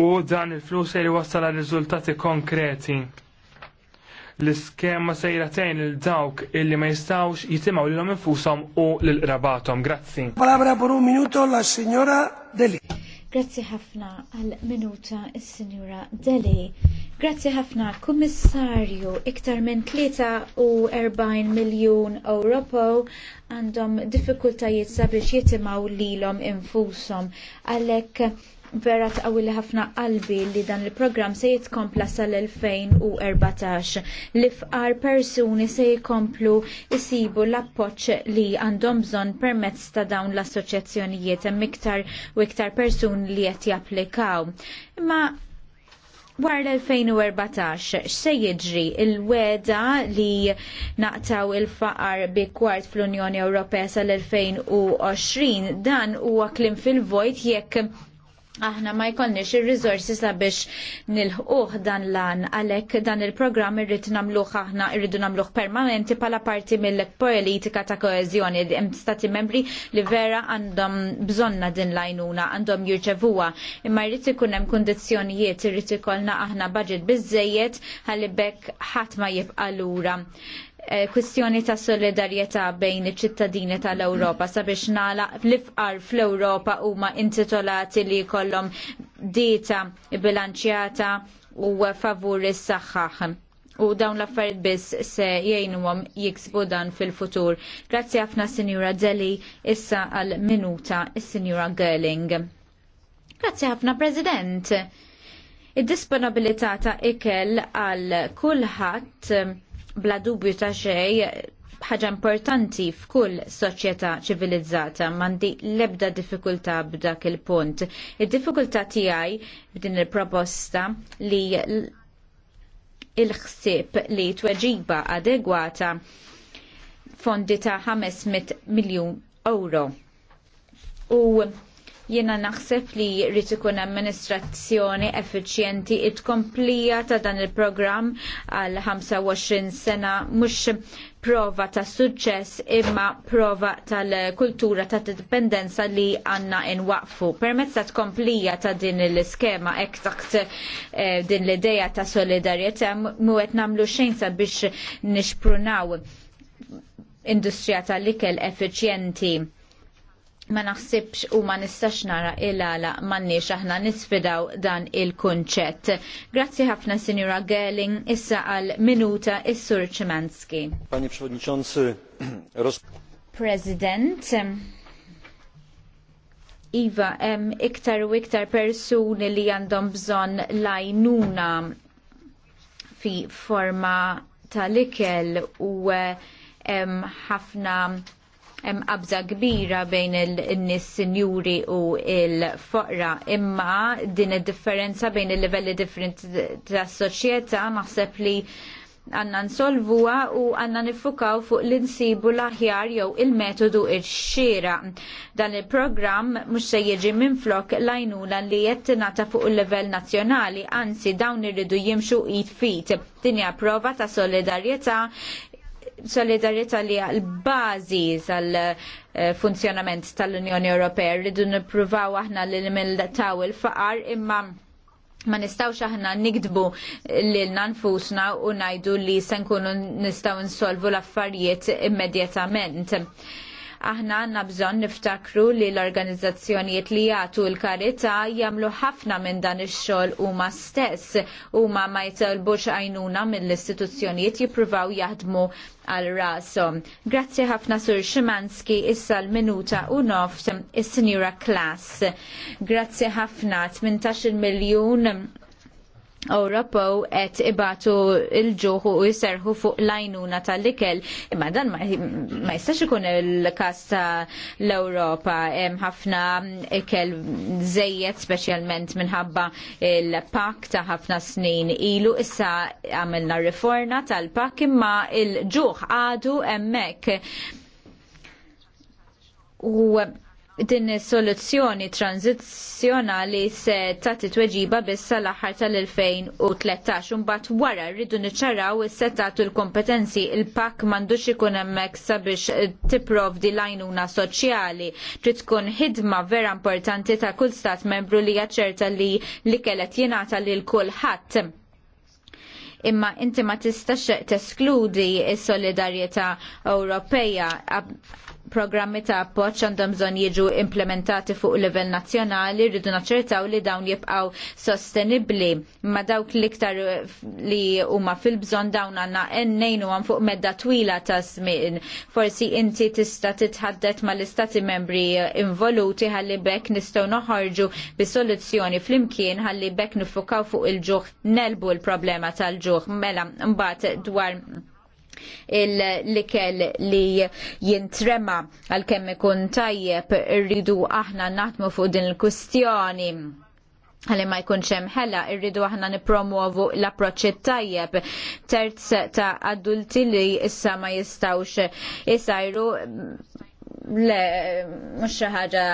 U dan il-flus li wassal għal riżultati konkreti. L-iskema sejra tejn il-dawk illi ma jistawx jitimaw l-lom infusom u l-rabatom. Grazzi. Palabra por un minuto la signora Deli. Grazzi ħafna għal minuta il-signora Deli. Grazzi ħafna, Kummissarju, iktar minn 43 miljon Ewropo għandhom diffikultajiet sabiex jitimaw lilhom infushom. Għalhekk vera tqawwili ħafna qalbi li dan il-programm se jitkompla sal-2014. l fqar persuni se jikomplu jisibu l-appoġġ li għandhom bżonn permezz ta' dawn l-assoċjazzjonijiet hemm iktar u iktar persuni li qed japplikaw. Imma Wara l-2014, x'se jiġri il-weda li naqtaw il-faqar bi kwart fl-Unjoni Ewropea sal-2020 dan huwa klim fil-vojt jekk aħna ma jkollniex ir-riżorsi sabiex nilħuħ dan lan għalhekk dan il-programm irrid nagħmluh aħna irridu nagħmluh permanenti bħala parti mill-politika ta' koeżjoni hemm stati membri li vera għandhom bżonna din lajnuna għandhom jirċevuha imma jrid ikun hemm kundizzjonijiet irrid ikollna aħna budget biżejjed ħalli bekk ħadd ma jibqa' lura. Eh, kwestjoni ta' solidarjetà bejn iċ-ċittadini tal-Ewropa sabiex nagħlaq l-ifqar fl-Ewropa huma intitolati li jkollhom dieta bilanċjata u favur is-saħħaħ u dawn l-affarijiet biss se jgħinuhom jiksbu dan fil-futur. Grazzi ħafna Sinjura Deli, issa għal minuta is-Sinjura Gerling. Grazzi ħafna President. Id-disponibilità ta' ikel għal kulħadd bla dubju ta' xej ħaġa importanti f'kull soċjetà ċivilizzata mandi lebda diffikultà b'dak il-punt. Id-diffikultà tiegħi b'din il-proposta li il-ħsieb li tweġiba adegwata fondi ta' 500 miljun euro. U Jiena naħseb li jrid ikun amministrazzjoni effiċjenti it-komplija ta' dan il-programm għal 25 sena mhux prova ta' suċċess imma prova tal-kultura ta' dipendenza li għanna inwaqfu. Permezz ta' tkomplija ta' din l-iskema ek taħt eh, din l-ideja ta' solidarieta muwet namlu xejn sabiex nixprunaw industrija tal-ikel effiċjenti ma naħsibx u ma nistax nara il-għala mannix aħna nisfidaw dan il-kunċett. Grazzi ħafna Sinjura Gerling, issa għal minuta is-Sur Ċemanski. Pani Przewodniczący, roz... President, Iva, em, iktar u iktar persuni li għandhom bżon lajnuna fi forma tal-ikel u ħafna hemm qabża kbira bejn in-nies sinjuri u l-foqra imma din id-differenza bejn il-livelli differenti tas-soċjetà naħseb li għanna nsolvuha u għanna nifukaw fuq l-insibu l-aħjar jew il-metodu il-xira. Dan il-programm mux se jieġi minn flok lajnuna li jettinata fuq il-level nazjonali, anzi dawn irridu jimxu id fit. Dinja prova ta' solidarieta solidarieta li l-bazi tal-funzjonament eh, tal-Unjoni Ewropea rridu nippruvaw aħna li l taw il-faqar imma ma nistawx aħna nikdbu lilna nfusna u najdu li se nkunu nistaw nsolvu l-affarijiet immedjatament. Aħna għandna bżonn niftakru li l-organizzazzjonijiet li jagħtu l-karità jagħmlu ħafna minn dan ix-xogħol huma stess huma ma jitolbux għajnuna mill-istituzzjonijiet jippruvaw jaħdmu għal rasom. Grazzi ħafna sur Szymanski issa l-minuta u noft is-Sinjura Klass. Grazzi ħafna 18 miljun Ewropew qed ibatu il-ġuħu u jiserħu fuq l tal-ikel. Imma dan ma jistax ikun il-kas l-Ewropa hemm ħafna ikel żejjed speċjalment minħabba il-pak ta' ħafna snin ilu issa għamilna riforma tal-pak imma il-ġuħ għadu hemmhekk. U din is-soluzzjoni tranzizzjonali se tagħti tweġiba biss sal-aħħar tal-2013 imbagħad wara rridu niċċaraw is-setat u l-kompetenzi il-pak m'għandux ikun hemmhekk sabiex tipprovdi l-għajnuna soċjali trid tkun ħidma vera importanti ta' kull stat membru li jaċċerta li li kellet jingħata lil kulħadd imma inti ma tistax teskludi s-solidarjetà Ewropeja programmi ta' appoġġ għandhom bżonn jiġu implementati fuq livell nazzjonali, rridu naċċertaw li dawn jibqgħu sostenibbli. Ma dawk l-iktar li huma fil-bżonn dawn għandna ennejn u fuq medda twila ta' żmien. Forsi inti tista' titħaddet mal-istati membri involuti ħalli bekk nistgħu noħorġu bi soluzzjoni flimkien ħalli bekk nifukaw fuq il-ġuħ nelbu l-problema tal-ġuħ mela mbagħad dwar l-ikel li jintrema għal-kemm ikun tajjeb irridu aħna naħdmu fuq din il-kustjoni għalli ma jkunx hemm ħela irridu aħna nipromuovu l-approċċ tajjeb terz ta' adulti li issa ma jistawx isajru le mhux xi ħaġa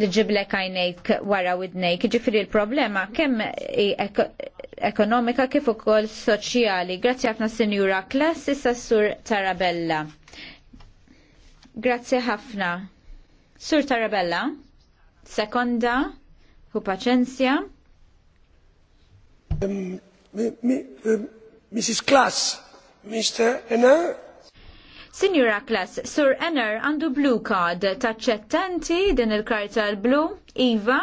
li ġiblek għajnejk wara widnejk. Ġifiri l-problema kemm ekonomika kif ukoll soċjali. Grazzi ħafna Sinjura Klass issa Sur Tarabella. Grazzi ħafna. Sur Tarabella, sekonda, hu paċenzja. Mrs. Um, um, Klass, Mr. Enna. Signora Klass, Sur Enner għandu blue card taċċettanti din il-karta l-blu, Iva.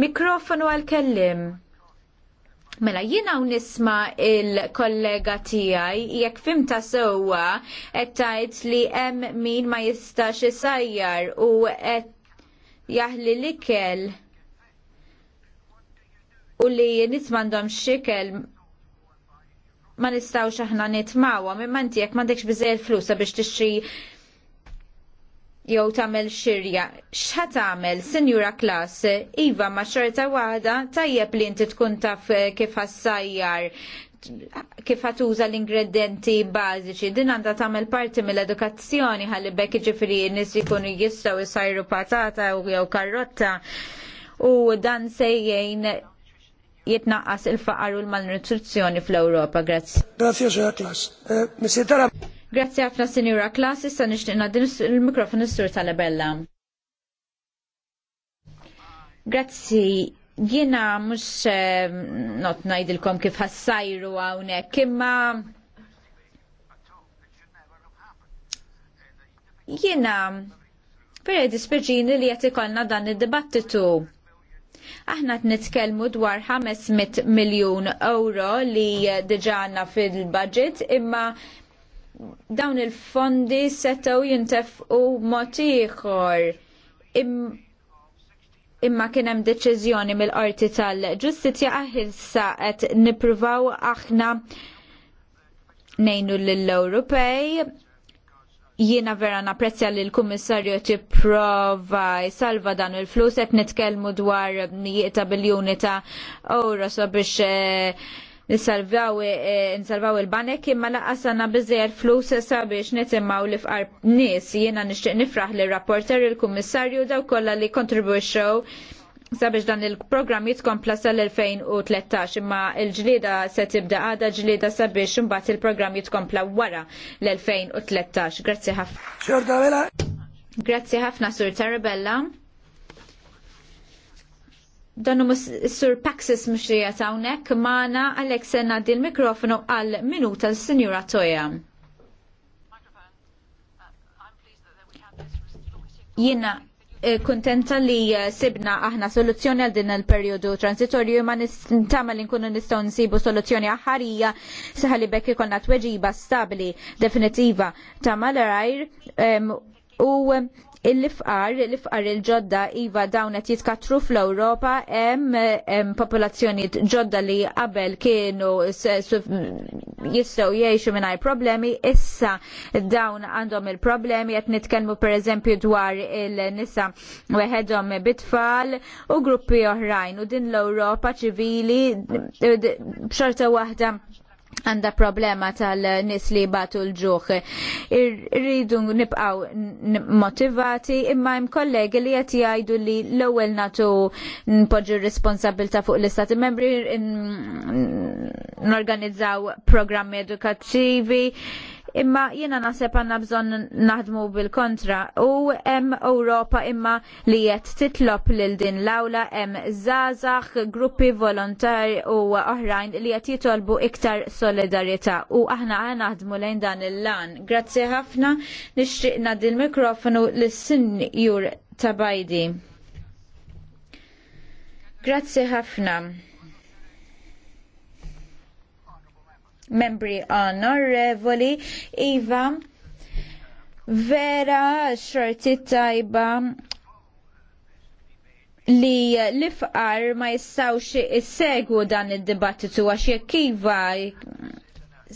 Mikrofonu għal-kellim. Mela jiena u nisma il-kollega tiegħi jekk fimta sewwa qed tgħid li hemm min ma jistax isajjar u qed jaħli l-ikel u li nies m'għandhom xikel ma nistgħux aħna nitma'wa, imma inti jekk m'għandekx biżejjed flus biex tixtri jew tagħmel xirja. X'ħa tagħmel, Sinjura Klas, iva ma' xorta waħda tajjeb li inti tkun taf eh, kif ħassajjar kif ħatuża l-ingredienti bażiċi. Din għandha tagħmel parti mill-edukazzjoni ħalli bekk jiġifieri nies jkunu jistgħu jsajru patata u jew karrotta u dan se jgħin jitnaqqas il-faqar u l-malnutrizzjoni fl-Ewropa. Grazzi. Grazzi, Klas. Eh, Grazzi ħafna Sinjura Klasi, sa nixtieq nadim il-mikrofon is-sur tal-Ebella. Grazzi, jiena mhux eh, not ngħidilkom kif ħassajru hawnhekk imma jiena Pere dispeċini li qed ikollna dan id-dibattitu. Aħna qed nitkellmu dwar 500 miljun euro li diġa għandna fil-budget imma dawn il-fondi setgħu jintefqu mod ieħor. Imma kien hemm deċiżjoni mill-qorti tal-ġustizzja aħilsa qed nippruvaw aħna nejnu lill-Ewropej jiena vera napprezzja li l-Kummissarju tipprova jsalva dan il-flus qed nitkellmu dwar mijiet ta' biljuni ta' euro sabiex eh, nsalvaw e, il-banek imma laqas għandna flus flus sabiex nitimmaw li fqar nies jiena nixtieq nifraħ li rapporter il-kummissarju daw kollha li kontribwixxew sabiex dan il-programm jitkompla sal-2013 imma il-ġlida se tibda għada ġlida sabiex imbagħad il-programm jitkompla wara l-2013. Grazzi ħafna. Grazzi ħafna Sur Tarabella. Donu Sur Paxis mxrija tawnek maħna għalek senna di l-mikrofonu għal minuta l-Sinjura Toja. Jina eh, kontenta li eh, sibna aħna soluzzjoni għal din il-periodu transitorju ma nistama li nkunu nistaw nsibu soluzzjoni aħħarija saħli bekk ikolna tweġiba stabli definitiva ta' mal-rajr u il l-ifqar l lifqar il-ġodda iva dawn qed jitkatru fl-Ewropa hemm popolazzjonijiet ġodda li qabel kienu jistgħu jgħixu mingħajr problemi, issa dawn għandhom il-problemi qed nitkellmu pereżempju dwar il-nisa weħedhom bitfall u gruppi oħrajn u din l-Ewropa ċivili b'xorta waħda għanda problema tal-nis li batu l-ġuħ. Irridu nibqaw motivati imma jem kollegi li jati għajdu li l-ewel natu npoġu responsabilta fuq l-istati membri n-organizzaw programmi edukattivi imma jiena naħseb għandna bżonn naħdmu bil-kontra u hemm Ewropa imma li qed titlob lil din l-awla hemm żgħażagħ, gruppi volontari u oħrajn li qed jitolbu iktar solidarjetà u aħna naħdmu lejn dan il-lan. Grazzi ħafna nixtieq ngħaddi l-mikrofonu lis-sinjur Tabajdi. Grazzi ħafna. membri onorevoli, Iva, vera xorti tajba li l-ifqar ma jistawx issegwu dan id-dibattitu għax jekk iva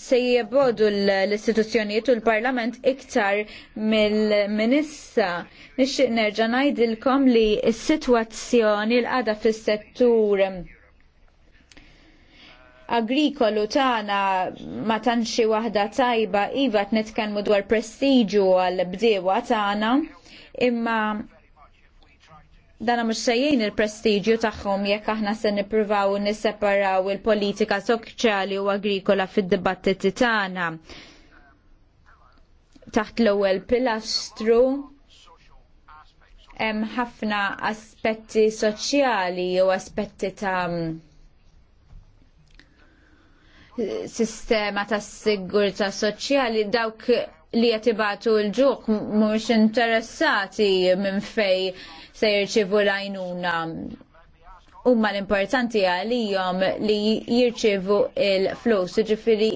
se jibodu l-istituzzjonijiet u l-parlament iktar mill-minissa. Nixtieq nerġa' ngħidilkom li s-sitwazzjoni l għada fis-settur agrikolu tagħna ma tanxi waħda tajba iva qed nitkellmu dwar prestiġu għal bdiewa tagħna imma dana mhux sejjien il-prestiġju tagħhom jekk aħna se nippruvaw nisseparaw il-politika soċjali u agrikola fid-dibattiti tagħna. Taħt l-ewwel pilastru hemm ħafna aspetti soċjali u aspetti ta' sistema tas sigurtà soċjali dawk li qed l-ġuq mhux interessati minn fej se jirċivu l-għajnuna. Huma l-importanti għalihom li jirċivu il-flus, ġifiri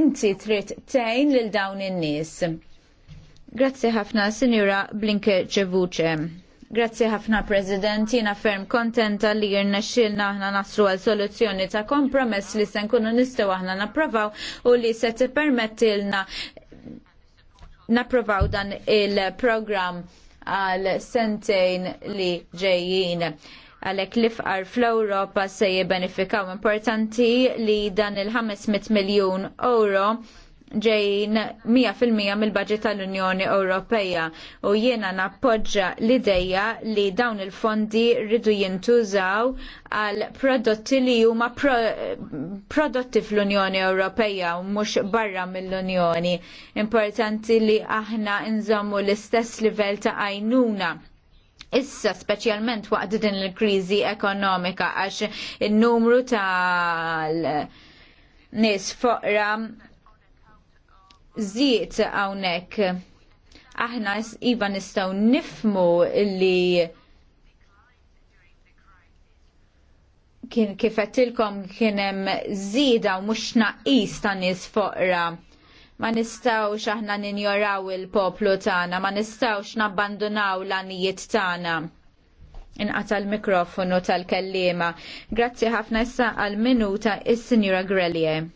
inti trid tgħin lil dawn in-nies. Grazzi ħafna, Sinjura Blinke Ċevuċe. Grazzi ħafna President, jina ferm kontenta li jirna xilna aħna naslu għal soluzzjoni ta' kompromess li se nkunu nistgħu aħna napprovaw u li se tippermettilna napprovaw dan il-programm għal sentejn li ġejjin għalek li fqar fl-Europa se jibbenefikaw importanti li dan il-500 miljon euro ġejjin 100% mill-budget tal-Unjoni Ewropea u jiena nappoġġa l-ideja li dawn il-fondi rridu jintużaw għal prodotti li huma pro prodotti fl-Unjoni Ewropea u mhux barra mill-Unjoni. Importanti li aħna nżommu l-istess livell ta' għajnuna issa speċjalment waqt din il-kriżi ekonomika għax in numru tal nies foqra żiet hawnhekk. Aħna iva nistgħu nifmu li kien kifetilkom kien hemm żieda u mhux naqis ta' nies foqra ma nistawx aħna ninjoraw il-poplu tagħna, ma nistawx nabbandunaw l-anijiet tagħna. Inqata l-mikrofonu tal-kellima. Grazzi ħafna issa għal-minuta is-Sinjura Grelier.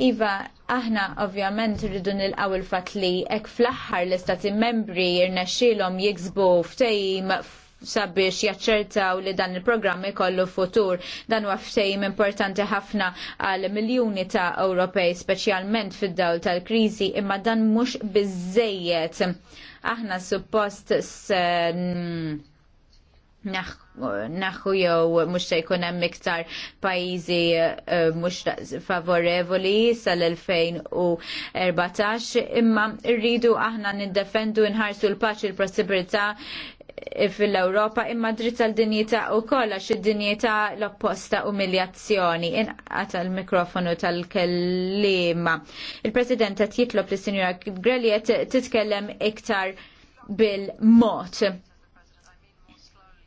Iva, aħna ovvjament rridu nilqaw il-fat li ek fl-aħħar l-istati membri xilom jiksbu ftejim sabiex jaċċertaw li dan il-programm ikollu futur. Dan waftejim importanti ħafna għal miljuni ta' Ewropej, speċjalment fid-dawl tal-kriżi, imma dan mhux biżejjed. Aħna suppost s naħu jew mhux se jkun hemm iktar pajjiżi eh, mhux favorevoli sal-2014 imma rridu aħna niddefendu nħarsu l-paċi l-prosperità eh, fil-Europa imma dritt tal dinjità u kolla xid dinjità l-opposta umiljazzjoni. Inqata l-mikrofonu tal-kellima. Il-President qed jitlob lis sinjura Grelliet titkellem iktar bil-mod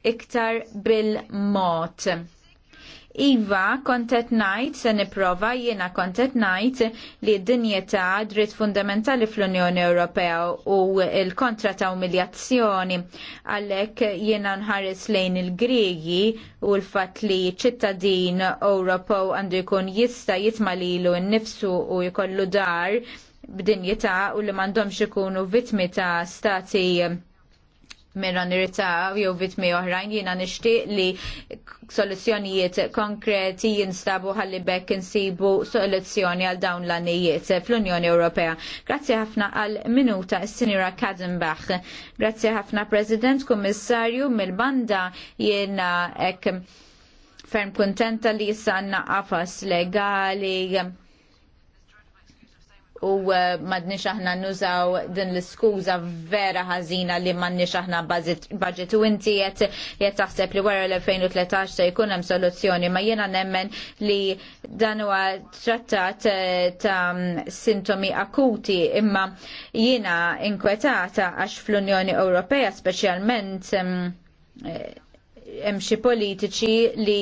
iktar bil-mod. Iva, kontet najt, se niprofa jiena kontet najt li d-dinjeta dritt fundamentali fl-Unjoni Ewropea u il-kontra ta' umiljazzjoni. Għalek jiena nħares lejn il-Gregi u l-fat li ċittadin Ewropew għandu jkun jista jitmalilu n-nifsu u jkollu dar b'dinjeta u li mandom ikunu vitmi ta' stati mera nirritaw jew vitmi oħrajn jiena nixtieq li soluzzjonijiet konkreti jinstabu ħalli bekk insibu soluzzjoni għal dawn l annijiet fl-Unjoni Ewropea. Grazzi ħafna għal minuta s-sinira Kadenbach. Grazzi ħafna President Kummissarju mill-banda jiena ek ferm kontenta li jissanna għafas legali u eh, madni aħna nużaw din l-iskuża vera ħażina li madni aħna budget u inti jett jett taħseb li wara l-2013 se jkun hemm soluzzjoni ma jiena nemmen li dan huwa trattat eh, ta' sintomi akuti imma jiena inkwetata għax fl-Unjoni Ewropea speċjalment eh, hemm xi politiċi li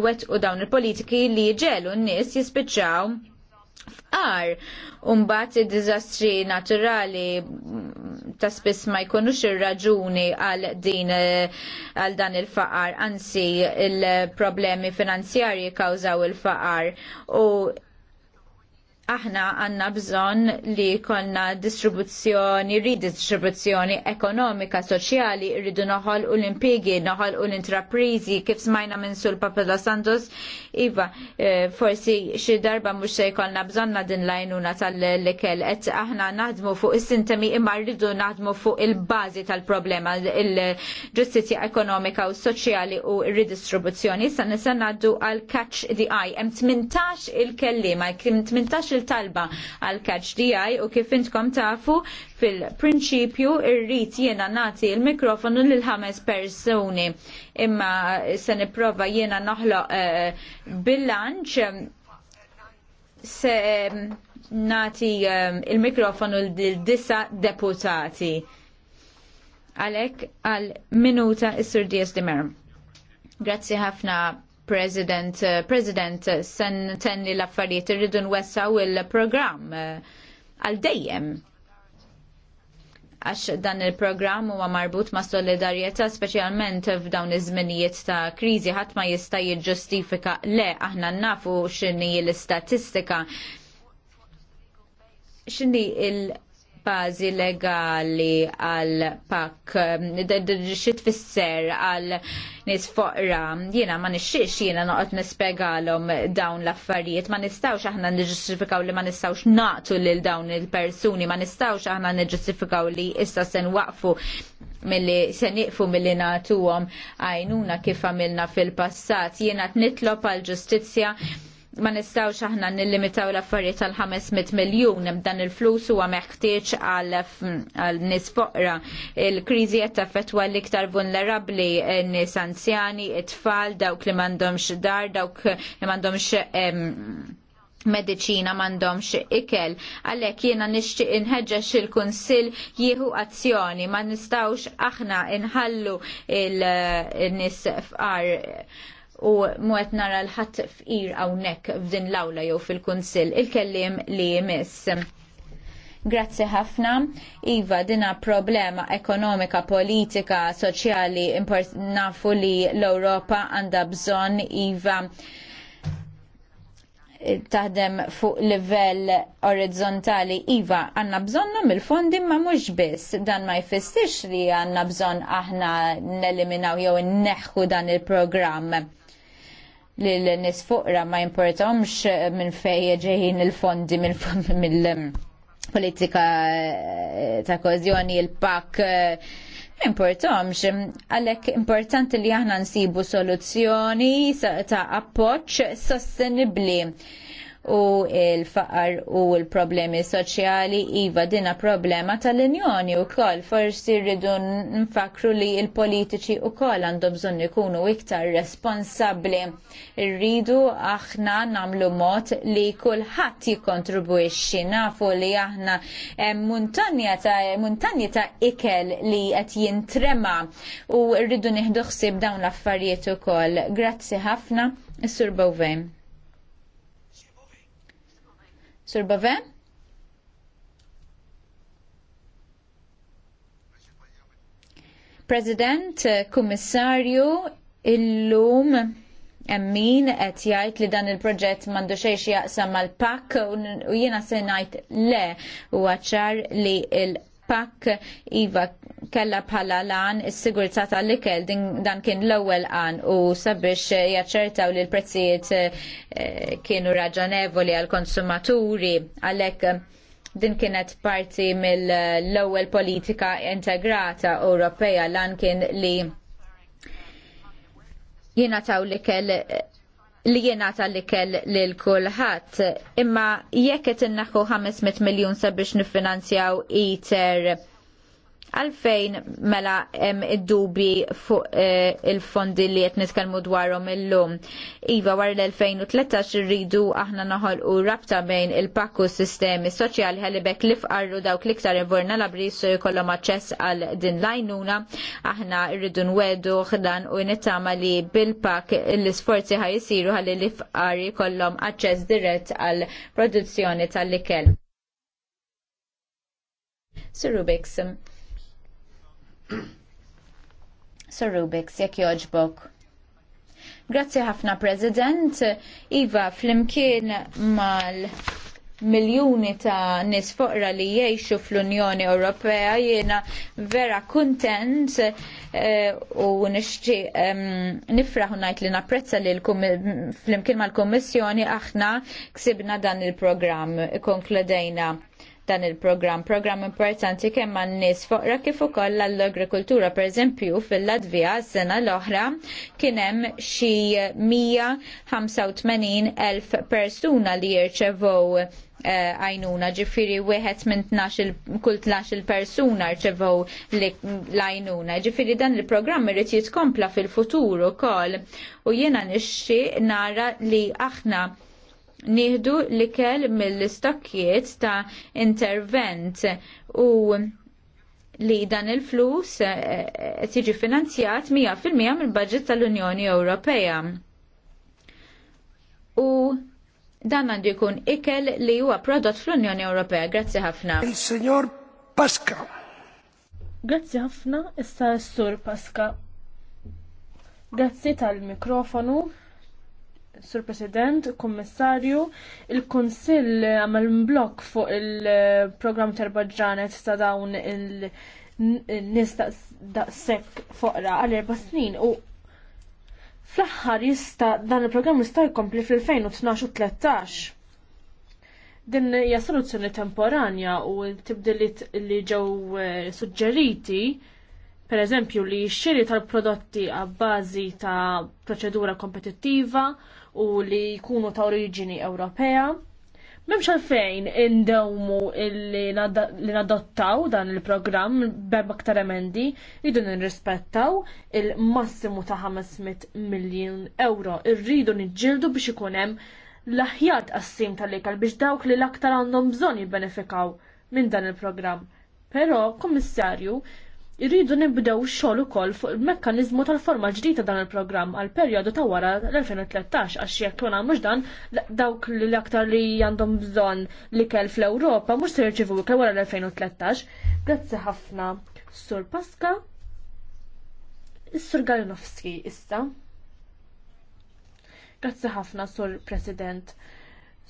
iwettqu dawn il-politiki li ġelu n-nies jispiċċaw fqar. Umbat id-dizastri naturali ta' spiss ma jkunux il raġuni għal din għal dan il-faqar, anzi il-problemi finanzjarji kawżaw il-faqar u aħna għanna bżon li konna distribuzzjoni, ridistribuzzjoni ekonomika, soċjali, rridu noħol u l impigi noħol u l-intraprizi, kif smajna minn sul Papa Santos, iva, eh, forsi xi darba mux se jkollna bżonna din lajnuna tal likel et aħna naħdmu fuq is-sintemi imma rridu naħdmu fuq il-bazi tal-problema, il-ġustizja ekonomika u soċjali u ridistribuzzjoni, sa nisa għaddu għal catch the eye, hemm 18 il-kellima, 18 il fil talba għal kaċ DI u kif intkom tafu fil-prinċipju irrit jiena nati il-mikrofonu lil ħames persuni. Imma se nipprova jiena naħloq uh, eh, bilanċ se eh, nati um, eh, il-mikrofonu lil disa deputati. Għalek għal minuta is-sur Dias Dimer. Grazzi ħafna President, eh, President, eh, sen tenni l-affarijiet irridu nwessaw il-programm eh, għal dejjem għax dan il-programm huwa marbut ma' solidarjetà speċjalment f'dawn iż-żminijiet ta' kriżi ħadd ma jista' jiġġustifika le aħna nafu x'inhi l-istatistika x'inhi il- bazi legali għal pak um, xit fisser għal nis foqra jiena ma nixxiex jiena noqgħod nispjegalhom dawn l-affarijiet ma nistawx aħna niġġustifikaw li ma nistawx naqtu lil dawn il-persuni ma nistawx aħna niġġustifikaw li issa se nwaqfu milli se niqfu milli nagħtuhom għajnuna kif għamilna fil-passat jiena nitlop għal ġustizzja ma nistawx aħna nillimitaw l-affarijiet għal 500 miljun dan il-flus huwa meħtieġ għal nies foqra. Il-kriżi qed taffettwa l-iktar vulnerabbli nies anzjani, it-tfal, dawk li m'għandhomx dar, dawk li m'għandhomx medicina mandomx ikel. Għalek jiena nixtieq inħeġġex il-Kunsill jieħu azzjoni ma nistawx aħna inħallu il-nis fqar u muet nara l-ħat f'ir nek f'din l-awla jew fil-kunsil il-kellim li jmiss. Grazzi ħafna. Iva, dina problema ekonomika, politika, soċjali, nafu li l-Europa għanda bżon, Iva, taħdem fuq livell orizzontali iva għanna bżonna mill-fondi ma mhux biss dan ma jfissirx li għanna bżonn aħna neliminaw jew neħħu dan il-programm li l-nis fuqra ma jimportomx eh, minn fej ġejjin il-fondi mill-politika eh, eh, ta' kozjoni il-pak importomx, għalek importanti li aħna nsibu soluzzjoni ta' appoċ sostenibli u il-faqar u l-problemi soċjali iva dina problema tal-Unjoni u kol forsi rridu nfakru li il-politiċi u kol għandhom bżon ikunu iktar responsabli. Rridu aħna namlu mod li kullħat jikontribwixxi nafu li aħna muntanja ta' muntanja ta' ikel li qed jintrema u rridu nieħdu ħsieb dawn l-affarijiet ukoll. Grazzi ħafna, Sur Bowvejn. Sur Bave? President, eh, Kummissarju, illum emmin qed jgħid li dan il-proġett m'għandu xejn jaqsam mal-pakk u jiena se ngħid le huwa ċar li il pakk iva kella bħala lan is-sigurtà tal-ikel dan kien l-ewwel qan u sabiex eh, jaċċertaw li l-prezzijiet eh, kienu raġonevoli għall konsumaturi għalhekk eh, din kienet parti mill-ewwel politika integrata Ewropea lan kien li jiena taw l-ikel li jiena tal-ikel lil kulħadd. Imma jekk qed innaħħu 500 miljun sabiex niffinanzjaw ITER Għalfejn mela hemm id-dubi fuq eh, il-fondi li qed nitkellmu dwarhom illum. Iva wara l-2013 irridu aħna noħolqu rabta bejn il-pakku sistemi soċjali ħalibek li fqarru dawk l-iktar vulnerabbli so jkollhom aċċess għal din l-għajnuna. Aħna rridu nwedu dan u nittama li bil-pakk l-isforzi ħaj jisiru ħalli li fqar jkollhom aċċess dirett għal produzzjoni tal-ikel. Sir Rubiks, Sir Rubik, jekk joġbok. Grazzi ħafna, President. Iva, flimkien mal miljoni ta' nis li jiexu fl-Unjoni Ewropea jiena vera kuntent eh, u nishti nifraħu najt li napprezza li fl-imkien mal-Kommissjoni aħna ksibna dan il-programm konkludejna dan il-programm. Programm importanti kemm għan nies foqra kif ukoll l-agrikultura pereżempju fil-Latvija s-sena l-oħra kien hemm xi 185 elf persuna li jirċevow eh, għajnuna, uh, ġifiri wieħed minn kull 1x-il persuna rċevow l-għajnuna. Ġifiri dan il-programm irrid jitkompla fil-futur ukoll u jiena nixxi nara li aħna nieħdu l-ikel mill-istokkiet ta' intervent u li dan il-flus eh, eh, tiġi finanzjat 100% mill-budget tal-Unjoni Ewropea. U dan għandu jkun ikel li huwa prodott fl-Unjoni Ewropea. Grazzi ħafna. Il-Senjor Pasqa. Grazzi ħafna, issa s-Sur Pasqa. Grazzi tal-mikrofonu. Sur President, Kommissarju, il-Konsill għamel blok fuq il-programm terbaġġanet ta' dawn il-nis daqsek foqra għal erba' snin u fl-aħħar jista dan il-programm jista' jkompli fil 2012 u 13. Din hija soluzzjoni temporanja u tibdilit li ġew eh, suġġeriti per eżempju li xiri tal-prodotti għabbażi ta' proċedura kompetittiva u li jkunu ta' oriġini Ewropea. Memx għalfejn indewmu li nadottaw dan il-programm beb aktar emendi rridu nirrispettaw il-massimu ta' 500 miljon euro. Irridu nġildu biex ikunem l-aħjad qassim tal-ikal biex dawk li l-aktar għandhom bżon jibbenefikaw minn dan il-programm. Pero, kommissarju, Irridu nibdew xogħol ukoll fuq il-mekkaniżmu tal-forma ġdida dan il-programm għal perjodu ta' wara l-2013 għax jekk ma nagħmux dan dawk li aktar li għandhom bżonn li kell fl-Ewropa mhux se jirċevu ikel wara l-2013. Grazzi ħafna Sur Pasqa. Is-Sur Galinowski issa. Grazzi ħafna Sur President.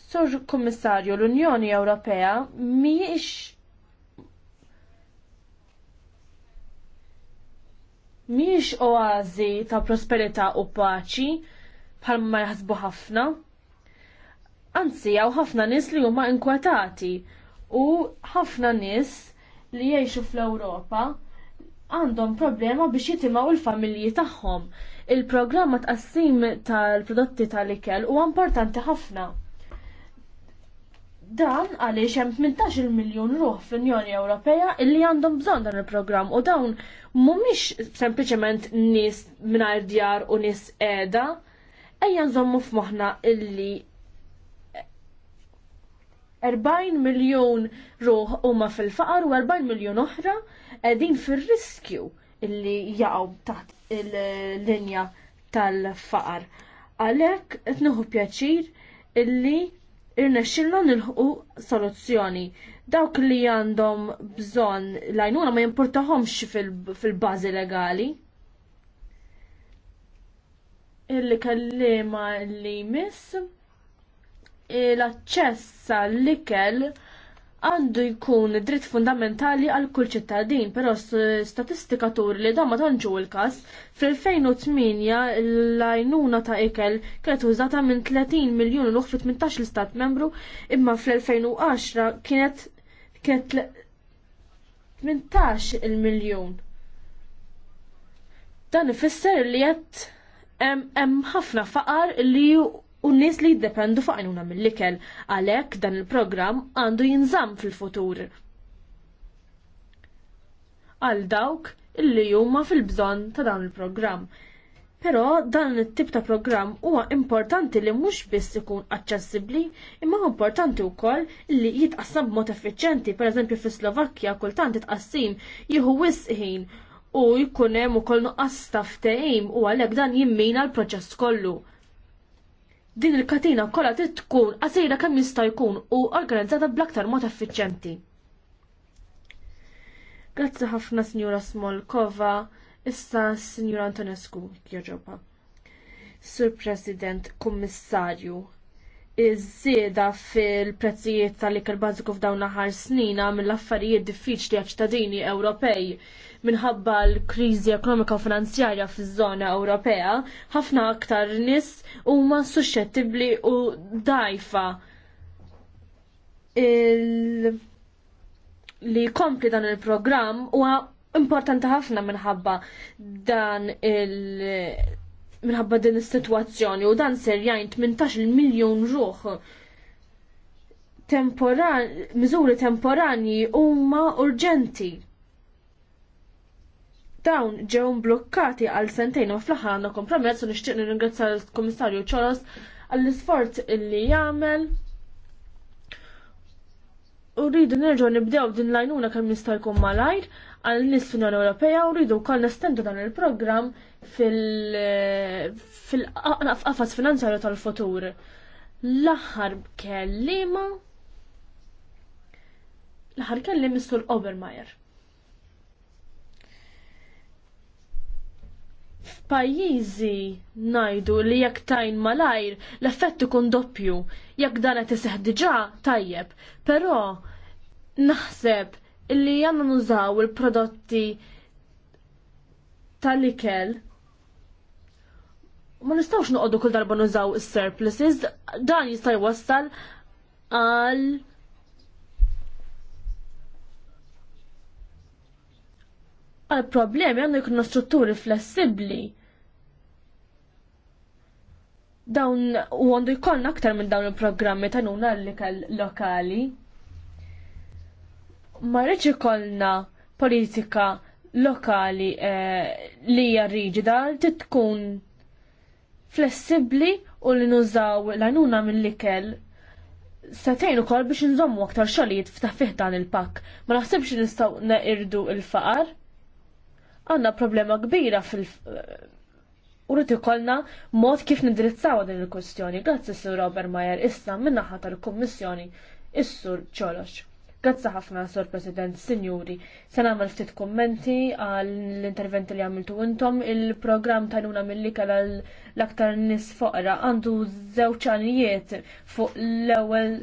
Sur Kommissarju, l-Unjoni Ewropea mhijiex miex oazi ta' prosperità u paċi bħal ma jħasbu ħafna. Anzi, għaw ħafna nies li huma inkwetati u ħafna nies li jgħixu fl-Ewropa għandhom problema biex jitimaw il-familji tagħhom. Il-programma tqassim tal-prodotti tal-ikel huwa importanti ħafna. Dan għaliex hemm 18 miljun ruħ fl-Unjoni Ewropea illi għandhom bżonn dan il-programm u dawn mhumiex sempliċement nies mingħajr djar u nies qiegħda. Ejja nżommu f'moħħna illi 40 miljun ruħ huma fil-faqar u 40 miljun oħra qegħdin fir-riskju illi jaqgħu taħt il-linja tal-faqar. Għalhekk qed pjaċir illi irnexxilhom ilħu soluzzjoni. Dawk li għandhom bżonn lajnuna ma jimportahomx fil-bażi legali. Illi kellima li miss l aċċessa l ikel għandu jkun dritt fundamentali għal kull ċittadin, però statistika tur li dan ma tantxu il-każ. Fl-2008 l-għajnuna ta' ikel kienet użata minn 30 miljun l fi 18 l-istat membru, imma fl-2010 kienet kienet 18 il-miljon. Dan ifisser li jett hemm ħafna faqar li u nies li jiddependu fuq għajnuna mill-ikel għalhekk dan il-programm għandu jinżamm fil-futur. Għal dawk illi huma fil-bżonn ta' dan il-programm. Però dan it-tip ta' programm huwa importanti li mhux biss ikun aċċessibbli, imma importanti wkoll li jitqassam b'mod effiċjenti, pereżempju fis Slovakkja kultant itqassim jieħu wisq ħin u jkun hemm ukoll nuqqas ta' ftehim u għalhekk dan jimmina l-proċess kollu. Din il-katina kollha trid tkun qasira kemm jista' jkun u organizzata bl-aktar mod effiċjenti. Grazzi ħafna Sinjura Smolkova, issa Sinjura Antonescu kjoġoba. Sur President, Kummissarju, iż-żieda fil-prezzijiet tal-ikel bażiku f'dawn l-aħħar snina mill affarijiet diffiċli għal ċittadini Ewropej minħabba l-kriżi ekonomika u finanzjarja fiż-żona Ewropea, ħafna aktar nies huma suscettibbli u dajfa il... li kompli dan il-programm huwa importanti ħafna minħabba dan il- minħabba din is-sitwazzjoni u dan ser jgħin 18 miljun ruħ temporan, miżuri temporani huma urġenti dawn ġew mblukkati għal sentejn u fl-ħana kompromess u nixtieq nirringrazzja l-Kummissarju Ċolos għall-isforz illi jagħmel. U rridu nerġgħu nibdew din l-għajnuna kemm jista' jkun malajr għal nies fl-Unjoni Ewropea u rridu wkoll nestendu dan il-programm fil-qafas finanzjarju tal-futur. L-aħħar kellima l-aħħar kellim Mr. Obermeyer. f'pajjiżi ngħidu li jekk tajn malajr l-effett ikun doppju jekk dan qed iseħħ diġà tajjeb, però naħseb illi għandna nużaw il-prodotti tal-ikel ma nistgħux noqogħdu kull darba nużaw is-surpluses, dan jista' jwassal għal għal problemi għandu jkunu strutturi flessibli. Dawn u għandu jkollna aktar minn dawn il-programmi ta' nuna lokali. Ma rridx ikollna politika lokali eh, li hija riġida li tkun flessibli u li nużaw l-għanuna mill-ikel setajn u kol biex nżommu aktar xolijiet ftaħ dan il-pak. Ma naħsibx nistaw irdu il-faqar għanna problema kbira fil- Urrit kolna mod kif nindirizzaw din il-kwestjoni. Grazzi Sir Robert Mayer issa minna tal-Kummissjoni is-Sur Ċolox. Grazzi ħafna Sur President, Sinjuri. Se nagħmel ftit kommenti għall interventi li għamiltu intom. Il-programm tajnuna milli kala l-aktar nis foqra għandu żewġ fuq l-ewwel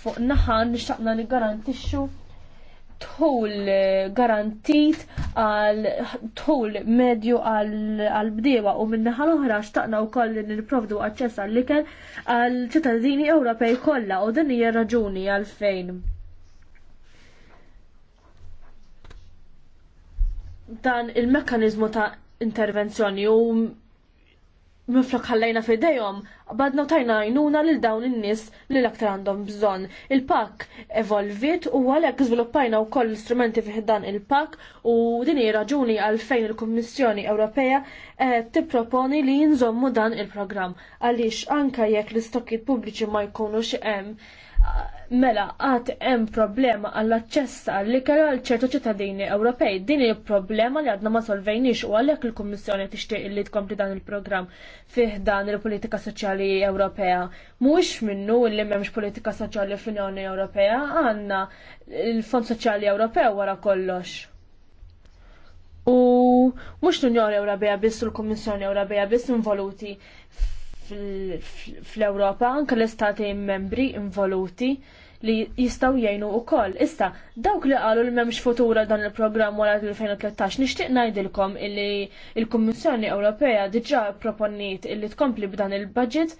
fuq naħan nishtaqna li garantixxu tħul garantit għal tħul medju għal bdiewa u minnaħa l-oħra xtaqna u koll li provdu għacċess għal likel għal ċittadini Ewropej kollha u din hija raġuni għalfejn. Dan il-mekkanizmu ta' intervenzjoni u minflok ħallajna fidejhom, badna tajna jnuna lil dawn in-nies li l-aktar għandhom bżonn. Il-pak evolvit u għalhekk żviluppajna wkoll l-istrumenti fih dan il-pak u din hi raġuni għalfejn il-Kummissjoni Ewropea eh, tipproponi li jinżommu dan il-programm għaliex anka jekk l-istokkiet pubbliċi ma jkunux hemm mela għat hemm problema għall aċċess għall-ikel għal ċertu ċittadini Ewropej. Din il problema li għadna ma solvejnix u għalhekk il-Kummissjoni tixtieq li tkompli dan il-programm fih dan il-politika soċjali Ewropea. Mhuwiex minnu li m'hemmx politika soċjali fl-Unjoni Ewropea, għandna il-Fond Soċjali Ewropew wara kollox. U mhux l-Unjoni Ewropea biss u l-Kummissjoni Ewropea biss involuti fl-Ewropa anke l-istati membri involuti li jistaw jgħinu u koll. Issa, dawk li għalu li memx futura dan il-programm wara l-2013, nishtiq najdilkom illi il-Kommissjoni Ewropea diġa proponiet illi tkompli b'dan il-budget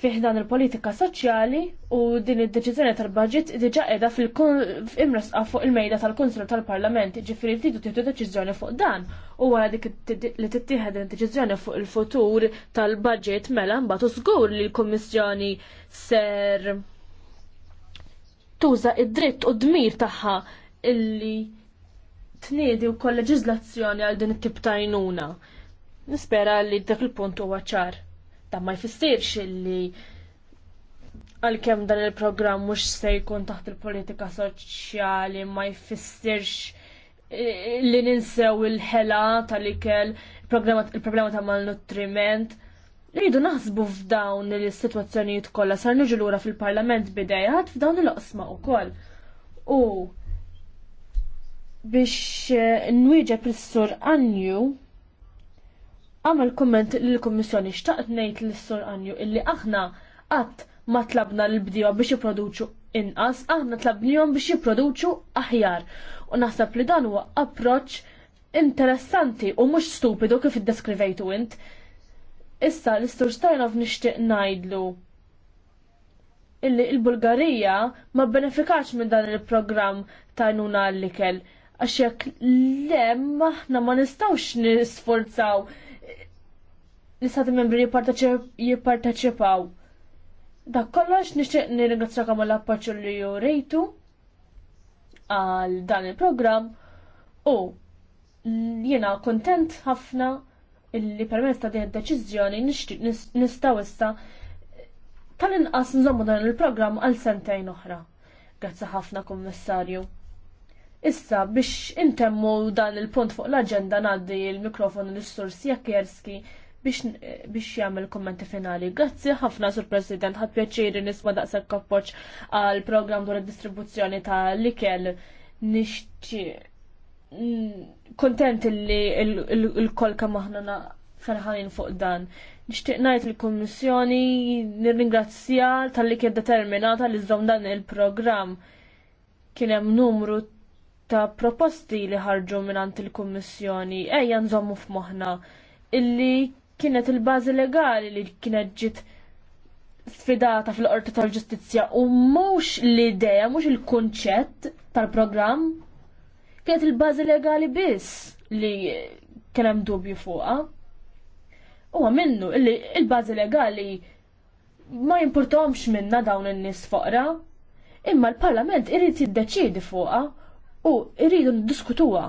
fiħdan il-politika soċjali u din id-deċiżjoni tal-budget diġa qiegħda fil-imresqa fuq il-mejda tal-Kunsil tal-Parlament, ġifieri rridu tieħdu deċiżjoni fuq dan u wara dik li tittieħed deċiżjoni fuq il-futur tal-budget mela mbagħad żgur li l-Kummissjoni ser tuża id-dritt u d-dmir tagħha illi tniedi wkoll leġiżlazzjoni għal din it-tip ta' Nispera li dak il-punt huwa ċar. Dan ma jfissirx li għalkemm dan il-programm mhux se jkun taħt il-politika soċjali ma jfissirx li ninsew il-ħela tal-ikel, il-problema ta' malnutriment. Rridu naħsbu f'dawn il-situazzjonijiet kollha sar niġu lura fil-Parlament bidejat f'dawn il-qosma wkoll. U biex nwieġeb is-sur Anju għamel komment l komissjoni xtaqt ngħid l-Sur Anju illi aħna qatt ma tlabna l bdiwa biex jipproduċu inqas, aħna tlabnihom biex jipproduċu aħjar. U naħseb li dan huwa approċċ interessanti u mhux stupidu kif iddeskrivejtu int. Issa l-Istur Stajnov nixtieq najdlu illi il-Bulgarija ma benefikax minn dan il-programm ta' nuna l-ikel għax jekk le maħna ma nistawx nisforzaw l-istati membri jipparteċipaw. Dak kollox nixtieq nirringrazzjakom għall appoġġju li Rejtu għal dan il-programm u jiena kontent ħafna illi permezz ta' din id-deċiżjoni nistgħu issa tal-inqas nżommu dan il-programm għal sentejn oħra. Grazzi ħafna kummissarju. Issa biex intemmu dan il-punt fuq l-aġenda ngħaddi l mikrofonu l sur Sjakjerski biex jagħmel kommenti finali. Grazzi ħafna sur President, ħad pjaċiri nisma' daqshekk kappoġġ għal programm dwar id-distribuzzjoni ta' likel. ikel nixtieq mm, kontent li l-kol kemm aħna ferħanin fuq dan. Nixtieq ngħid il-Kummissjoni nirringrazzja tal-li kien determinata li żżomm dan il-programm. Kien hemm numru ta' proposti li ħarġu minn il-Kummissjoni ejja nżommu f'moħħna illi kienet il-bażi legali li kienet ġiet sfidata fil-qorti tal-ġustizzja u mhux l-idea, mhux il-kunċett tal-programm. Kienet il-bażi legali biss li kien hemm dubju fuqha. Huwa minnu il-bażi legali ma jimpurtomx minna dawn in-nies foqra, imma l-Parlament irid jiddeċiedi fuqha u irridu niddiskutuha.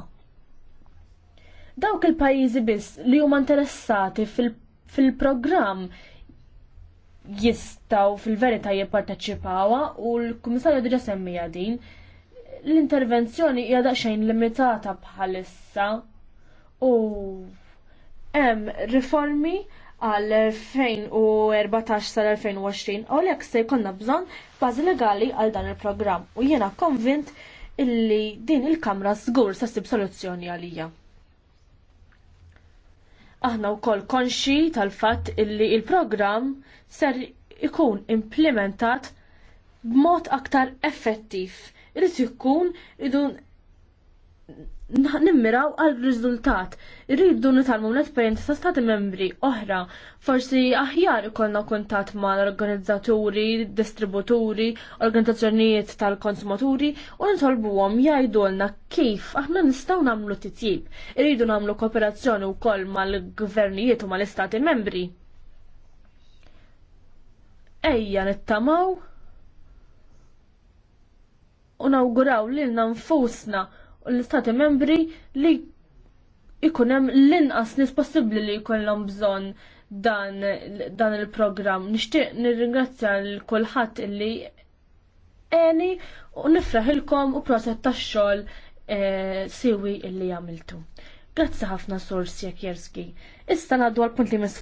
Dawk il-pajjiżi biss li huma interessati fil-programm fil jistaw fil-verità jipparteċipawa u l-Kummissarju diġa semmija din l-intervenzjoni hija daqsxejn limitata bħalissa u hemm riformi għal 2014 sal-2020 u l se jkollna bżonn bażi legali għal dan il-programm u jiena konvint illi din il-Kamra żgur se ssib soluzzjoni għalija. Aħna wkoll konxi tal-fatt illi il-programm ser ikun implementat b'mod aktar effettiv. Irid ikun idun nimmiraw għal riżultat. Rridu nitalmu l esperienza ta' stati membri oħra. Forsi aħjar ikollna kuntat ma' l-organizzaturi, distributuri, organizzazzjonijiet tal-konsumaturi u għom jgħidulna kif aħna nistgħu nagħmlu titjib. Irridu nagħmlu kooperazzjoni wkoll mal-gvernijiet u mal-istati membri. Ejja nittamaw u nawguraw l nfusna l-istati membri li ikun hemm l-inqas nies possibbli li jkollhom bżonn dan, dan il-programm. Nixtieq nirringrazzja l kulħadd illi għeni u nifraħilkom u proset tax-xogħol e, siwi illi għamiltu. Grazzi ħafna Sur Sjekjerski. Issa ngħaddu għal-punt li